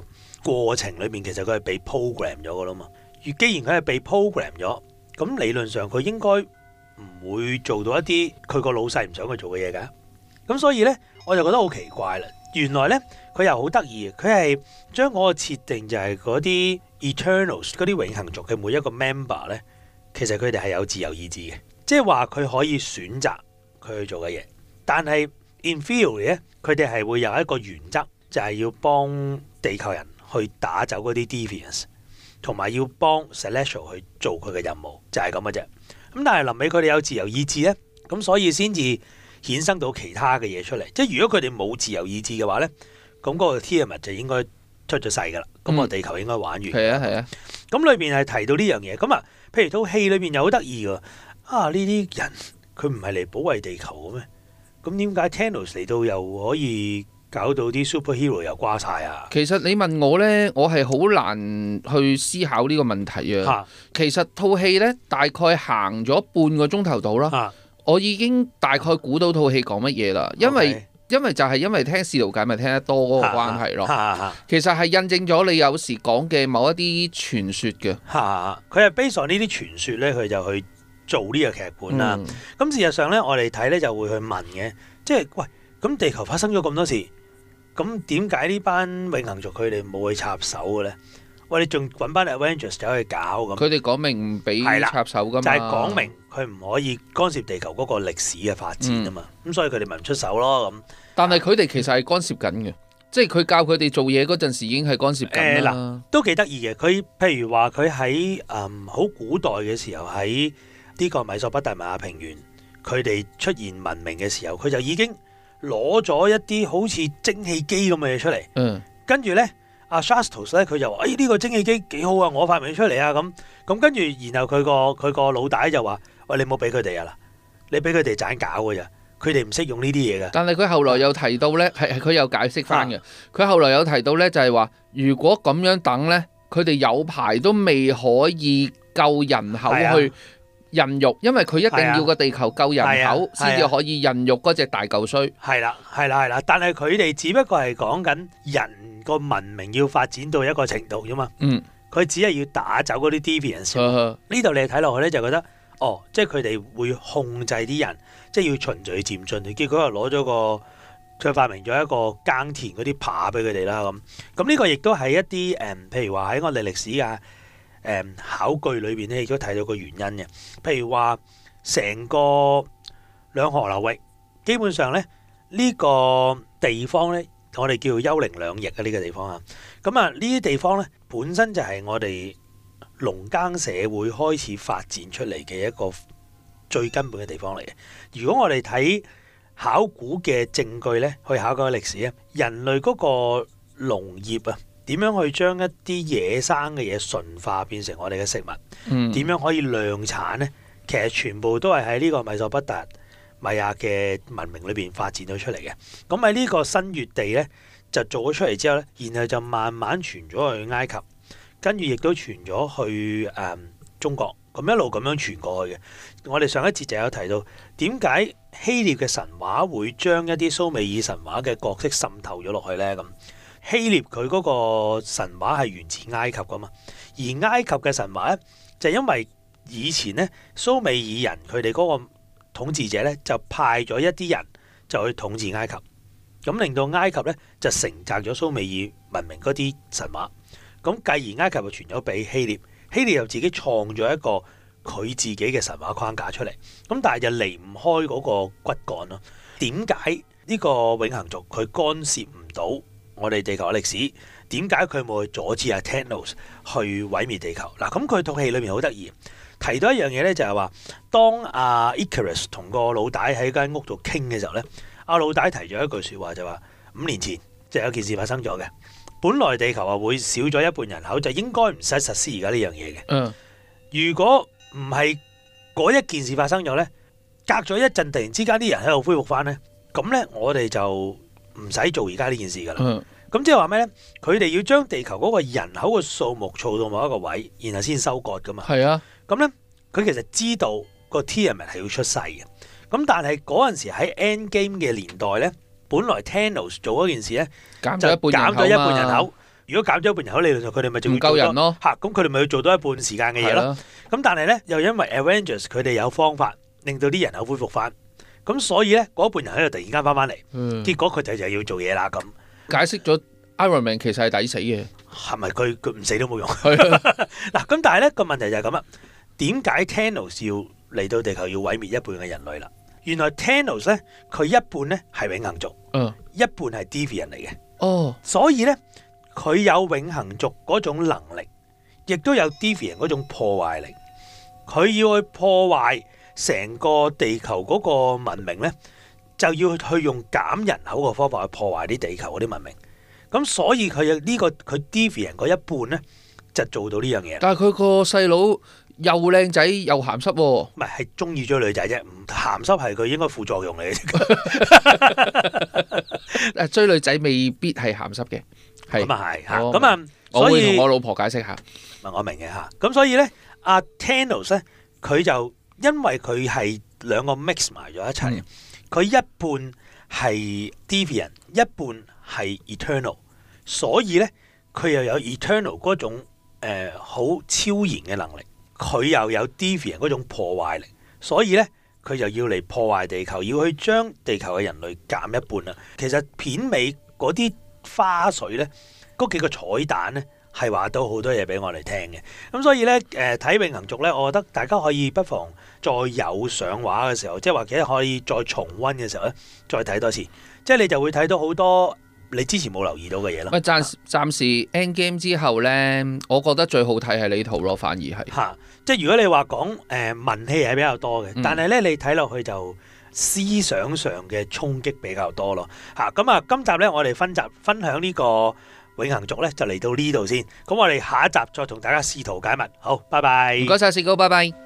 個過程裏面，其實佢係被 program 咗㗎啦嘛。既然佢係被 program 咗，咁理論上佢應該唔會做到一啲佢個老細唔想佢做嘅嘢㗎。咁所以呢，我就覺得好奇怪啦。原來咧，佢又好得意，佢係將嗰個設定就係嗰啲 Eternals 嗰啲永恆族嘅每一個 member 咧，其實佢哋係有自由意志嘅，即係話佢可以選擇佢去做嘅嘢。但係 In theory 咧，佢哋係會有一個原則，就係、是、要幫地球人去打走嗰啲 Deviants，同埋要幫 Celestial 去做佢嘅任務，就係咁嘅啫。咁但係臨尾佢哋有自由意志咧，咁所以先至。衍生到其他嘅嘢出嚟，即係如果佢哋冇自由意志嘅話咧，咁嗰個 T.M. 就應該出咗世噶啦，咁、嗯、個地球應該玩完。係啊係啊，咁、啊、裏邊係提到呢樣嘢，咁啊，譬如套戲裏邊又好得意㗎，啊呢啲人佢唔係嚟保衛地球嘅咩？咁點解 Thanos 嚟到又可以搞到啲 Superhero 又瓜晒啊？其實你問我咧，我係好難去思考呢個問題的啊。其實套戲咧大概行咗半個鐘頭到啦。啊我已經大概估到套戲講乜嘢啦，因為、okay. 因為就係因為聽試圖解咪聽得多嗰個關係咯。 其實係印證咗你有時講嘅某一啲傳說嘅。嚇佢係 based on 呢啲傳說呢，佢就去做呢個劇本啦。咁、嗯、事實上呢，我哋睇呢就會去問嘅，即係喂，咁地球發生咗咁多事，咁點解呢班永恆族佢哋冇去插手嘅呢？」喂，你仲揾翻《Avengers》走去搞咁？佢哋講明唔俾插手噶嘛？是的就係、是、講明佢唔可以干涉地球嗰個歷史嘅發展啊嘛。咁、嗯、所以佢哋咪唔出手咯咁。但係佢哋其實係干涉緊嘅、嗯，即係佢教佢哋做嘢嗰陣時已經係干涉緊嘅啦。誒、嗯呃、都幾得意嘅。佢譬如話佢喺誒好古代嘅時候，喺呢個米索不大米亞米索不達米亞平原，佢哋出現文明嘅時候，佢就已經攞咗一啲好似蒸汽機咁嘅嘢出嚟。嗯，跟住咧。阿 Shastos 咧，佢就話：哎，呢個蒸汽機幾好啊！我發明出嚟啊！咁咁跟住，然後佢個佢個老大就話：喂，你唔好俾佢哋啊啦！你俾佢哋盞搞噶咋，佢哋唔識用呢啲嘢噶。但係佢後來又提到咧，係佢又解釋翻嘅。佢後來又提到咧，就係話：如果咁樣等咧，佢哋有排都未可以夠人口去孕育，因為佢一定要個地球夠人口，先至，啊啊啊，可以孕育嗰隻大舊衰。係啦，啊，係啦，啊，係啦，啊，但係佢哋只不過係講緊人個文明要發展到一個程度啫嘛。嗯，佢只係要打走嗰啲 Deviants 先。呢，嗯，度你睇落去咧，就覺得哦，即係佢哋會控制啲人，即係要循序漸進。結果又攞咗個，佢發明咗一個耕田嗰啲耙俾佢哋啦。咁，咁呢個亦都係一啲誒，呃，譬如話喺我哋歷史啊。誒考據裏邊咧亦都提到個原因嘅，譬如話成個兩河流域基本上咧呢個地方咧，我哋叫做幽靈兩翼啊，呢個地方啊，咁啊呢啲地方咧本身就係我哋農耕社會開始發展出嚟嘅一個最根本嘅地方嚟嘅。如果我哋睇考古嘅證據咧，去考究嘅歷史啊，人類嗰個農業啊。點樣去將一啲野生嘅嘢純化變成我哋嘅食物？嗯、點樣可以量產呢？其實全部都係喺呢個米索不達米亞嘅文明裏面發展咗出嚟嘅。咁喺呢個新月地呢，就做咗出嚟之後呢，然後就慢慢傳咗去埃及，跟住亦都傳咗去、嗯、中國。咁一路咁樣傳過去嘅。我哋上一節就有提到，點解希臘嘅神話會將一啲蘇美爾神話嘅角色滲透咗落去呢？咁。希臘佢嗰個神話係源自埃及噶嘛，而埃及嘅神話咧就因為以前咧蘇美爾人佢哋嗰個統治者咧就派咗一啲人就去統治埃及，咁令到埃及咧就承襲咗蘇美爾文明嗰啲神話，咁繼而埃及就傳咗俾希臘，希臘又自己創咗一個佢自己嘅神話框架出嚟，咁但係就離唔開嗰個骨幹咯。點解呢個永恆族佢干涉唔到？我哋地球嘅歷史點解佢冇去阻止阿 Thanos 去毀滅地球？嗱，咁佢套戲裏面好得意，提到一樣嘢咧，就係話當阿 Icarus 同個老大喺間屋度傾嘅時候咧，阿老大提咗一句説話就話：五年前即係有件事發生咗嘅，本來地球啊會少咗一半人口，就應該唔使實施而家呢樣嘢嘅。嗯，如果唔係嗰一件事發生咗咧，隔咗一陣突然之間啲人喺度恢復翻咧，咁咧我哋就。唔使做而家呢件事噶啦，嗯，咁即係話咩咧？佢哋要將地球嗰個人口嘅數目湊到某一個位，然後先收割噶嘛。係啊，咁咧佢其實知道個 T n 係要出世嘅，咁但係嗰陣時喺 Endgame 嘅年代咧，本來 Thanos 做嗰件事咧，就減咗一半人口。如果減咗一半人口，理論上佢哋咪唔夠人咯。吓，咁佢哋咪要做到一半時間嘅嘢咯。咁，啊，但係咧，又因為 Avengers 佢哋有方法令到啲人口恢復翻。咁所以咧，嗰一半人喺度突然間翻翻嚟，結果佢哋就要做嘢啦。咁解釋咗 Iron Man 其實係抵死嘅，係咪佢佢唔死都冇用？嗱、啊，咁 但係咧個問題就係咁啊，點解 Thanos 要嚟到地球要毀滅一半嘅人類啦？原來 Thanos 咧，佢一半咧係永恆族，嗯，一半係 Deviant 嚟嘅，哦，所以咧佢有永恆族嗰種能力，亦都有 Deviant 嗰種破壞力，佢要去破壞。成個地球嗰個文明咧，就要去用減人口嘅方法去破壞啲地球嗰啲文明。咁所以佢呢、呢個佢 Deviant 嗰一半咧，就做到呢樣嘢。但係佢個細佬又靚仔又鹹濕，啊，唔係係中意追女仔啫。唔鹹濕係佢應該副作用嚟。嘅。 追女仔未必係鹹濕嘅，咁啊係。咁、嗯、啊、嗯，所以我會同我老婆解釋下。我明嘅吓。咁所以咧，阿 Tanos 咧，佢就。因為佢係兩個 mix 埋咗一齊，佢一半係 Deviant，一半係 eternal，所以呢，佢又有 eternal 嗰種好、呃、超然嘅能力，佢又有 Deviant 嗰種破壞力，所以呢，佢就要嚟破壞地球，要去將地球嘅人類減一半啦。其實片尾嗰啲花絮呢，嗰幾個彩蛋呢。係話到好多嘢俾我哋聽嘅，咁所以呢，誒、呃、睇《永恆族》咧，我覺得大家可以不妨再有上畫嘅時候，即係話其實可以再重溫嘅時候呢，再睇多次，即係你就會睇到好多你之前冇留意到嘅嘢咯。暫、啊、暫時 Endgame 之後呢，我覺得最好睇係呢套咯，反而係嚇、啊。即係如果你話講誒文戲係比較多嘅、嗯，但係呢，你睇落去就思想上嘅衝擊比較多咯嚇。咁啊、嗯，今集呢，我哋分集分享呢、這個。永恆族咧就嚟到呢度先，咁我哋下一集再同大家試圖解密。好，拜拜。唔該晒，雪糕，拜拜。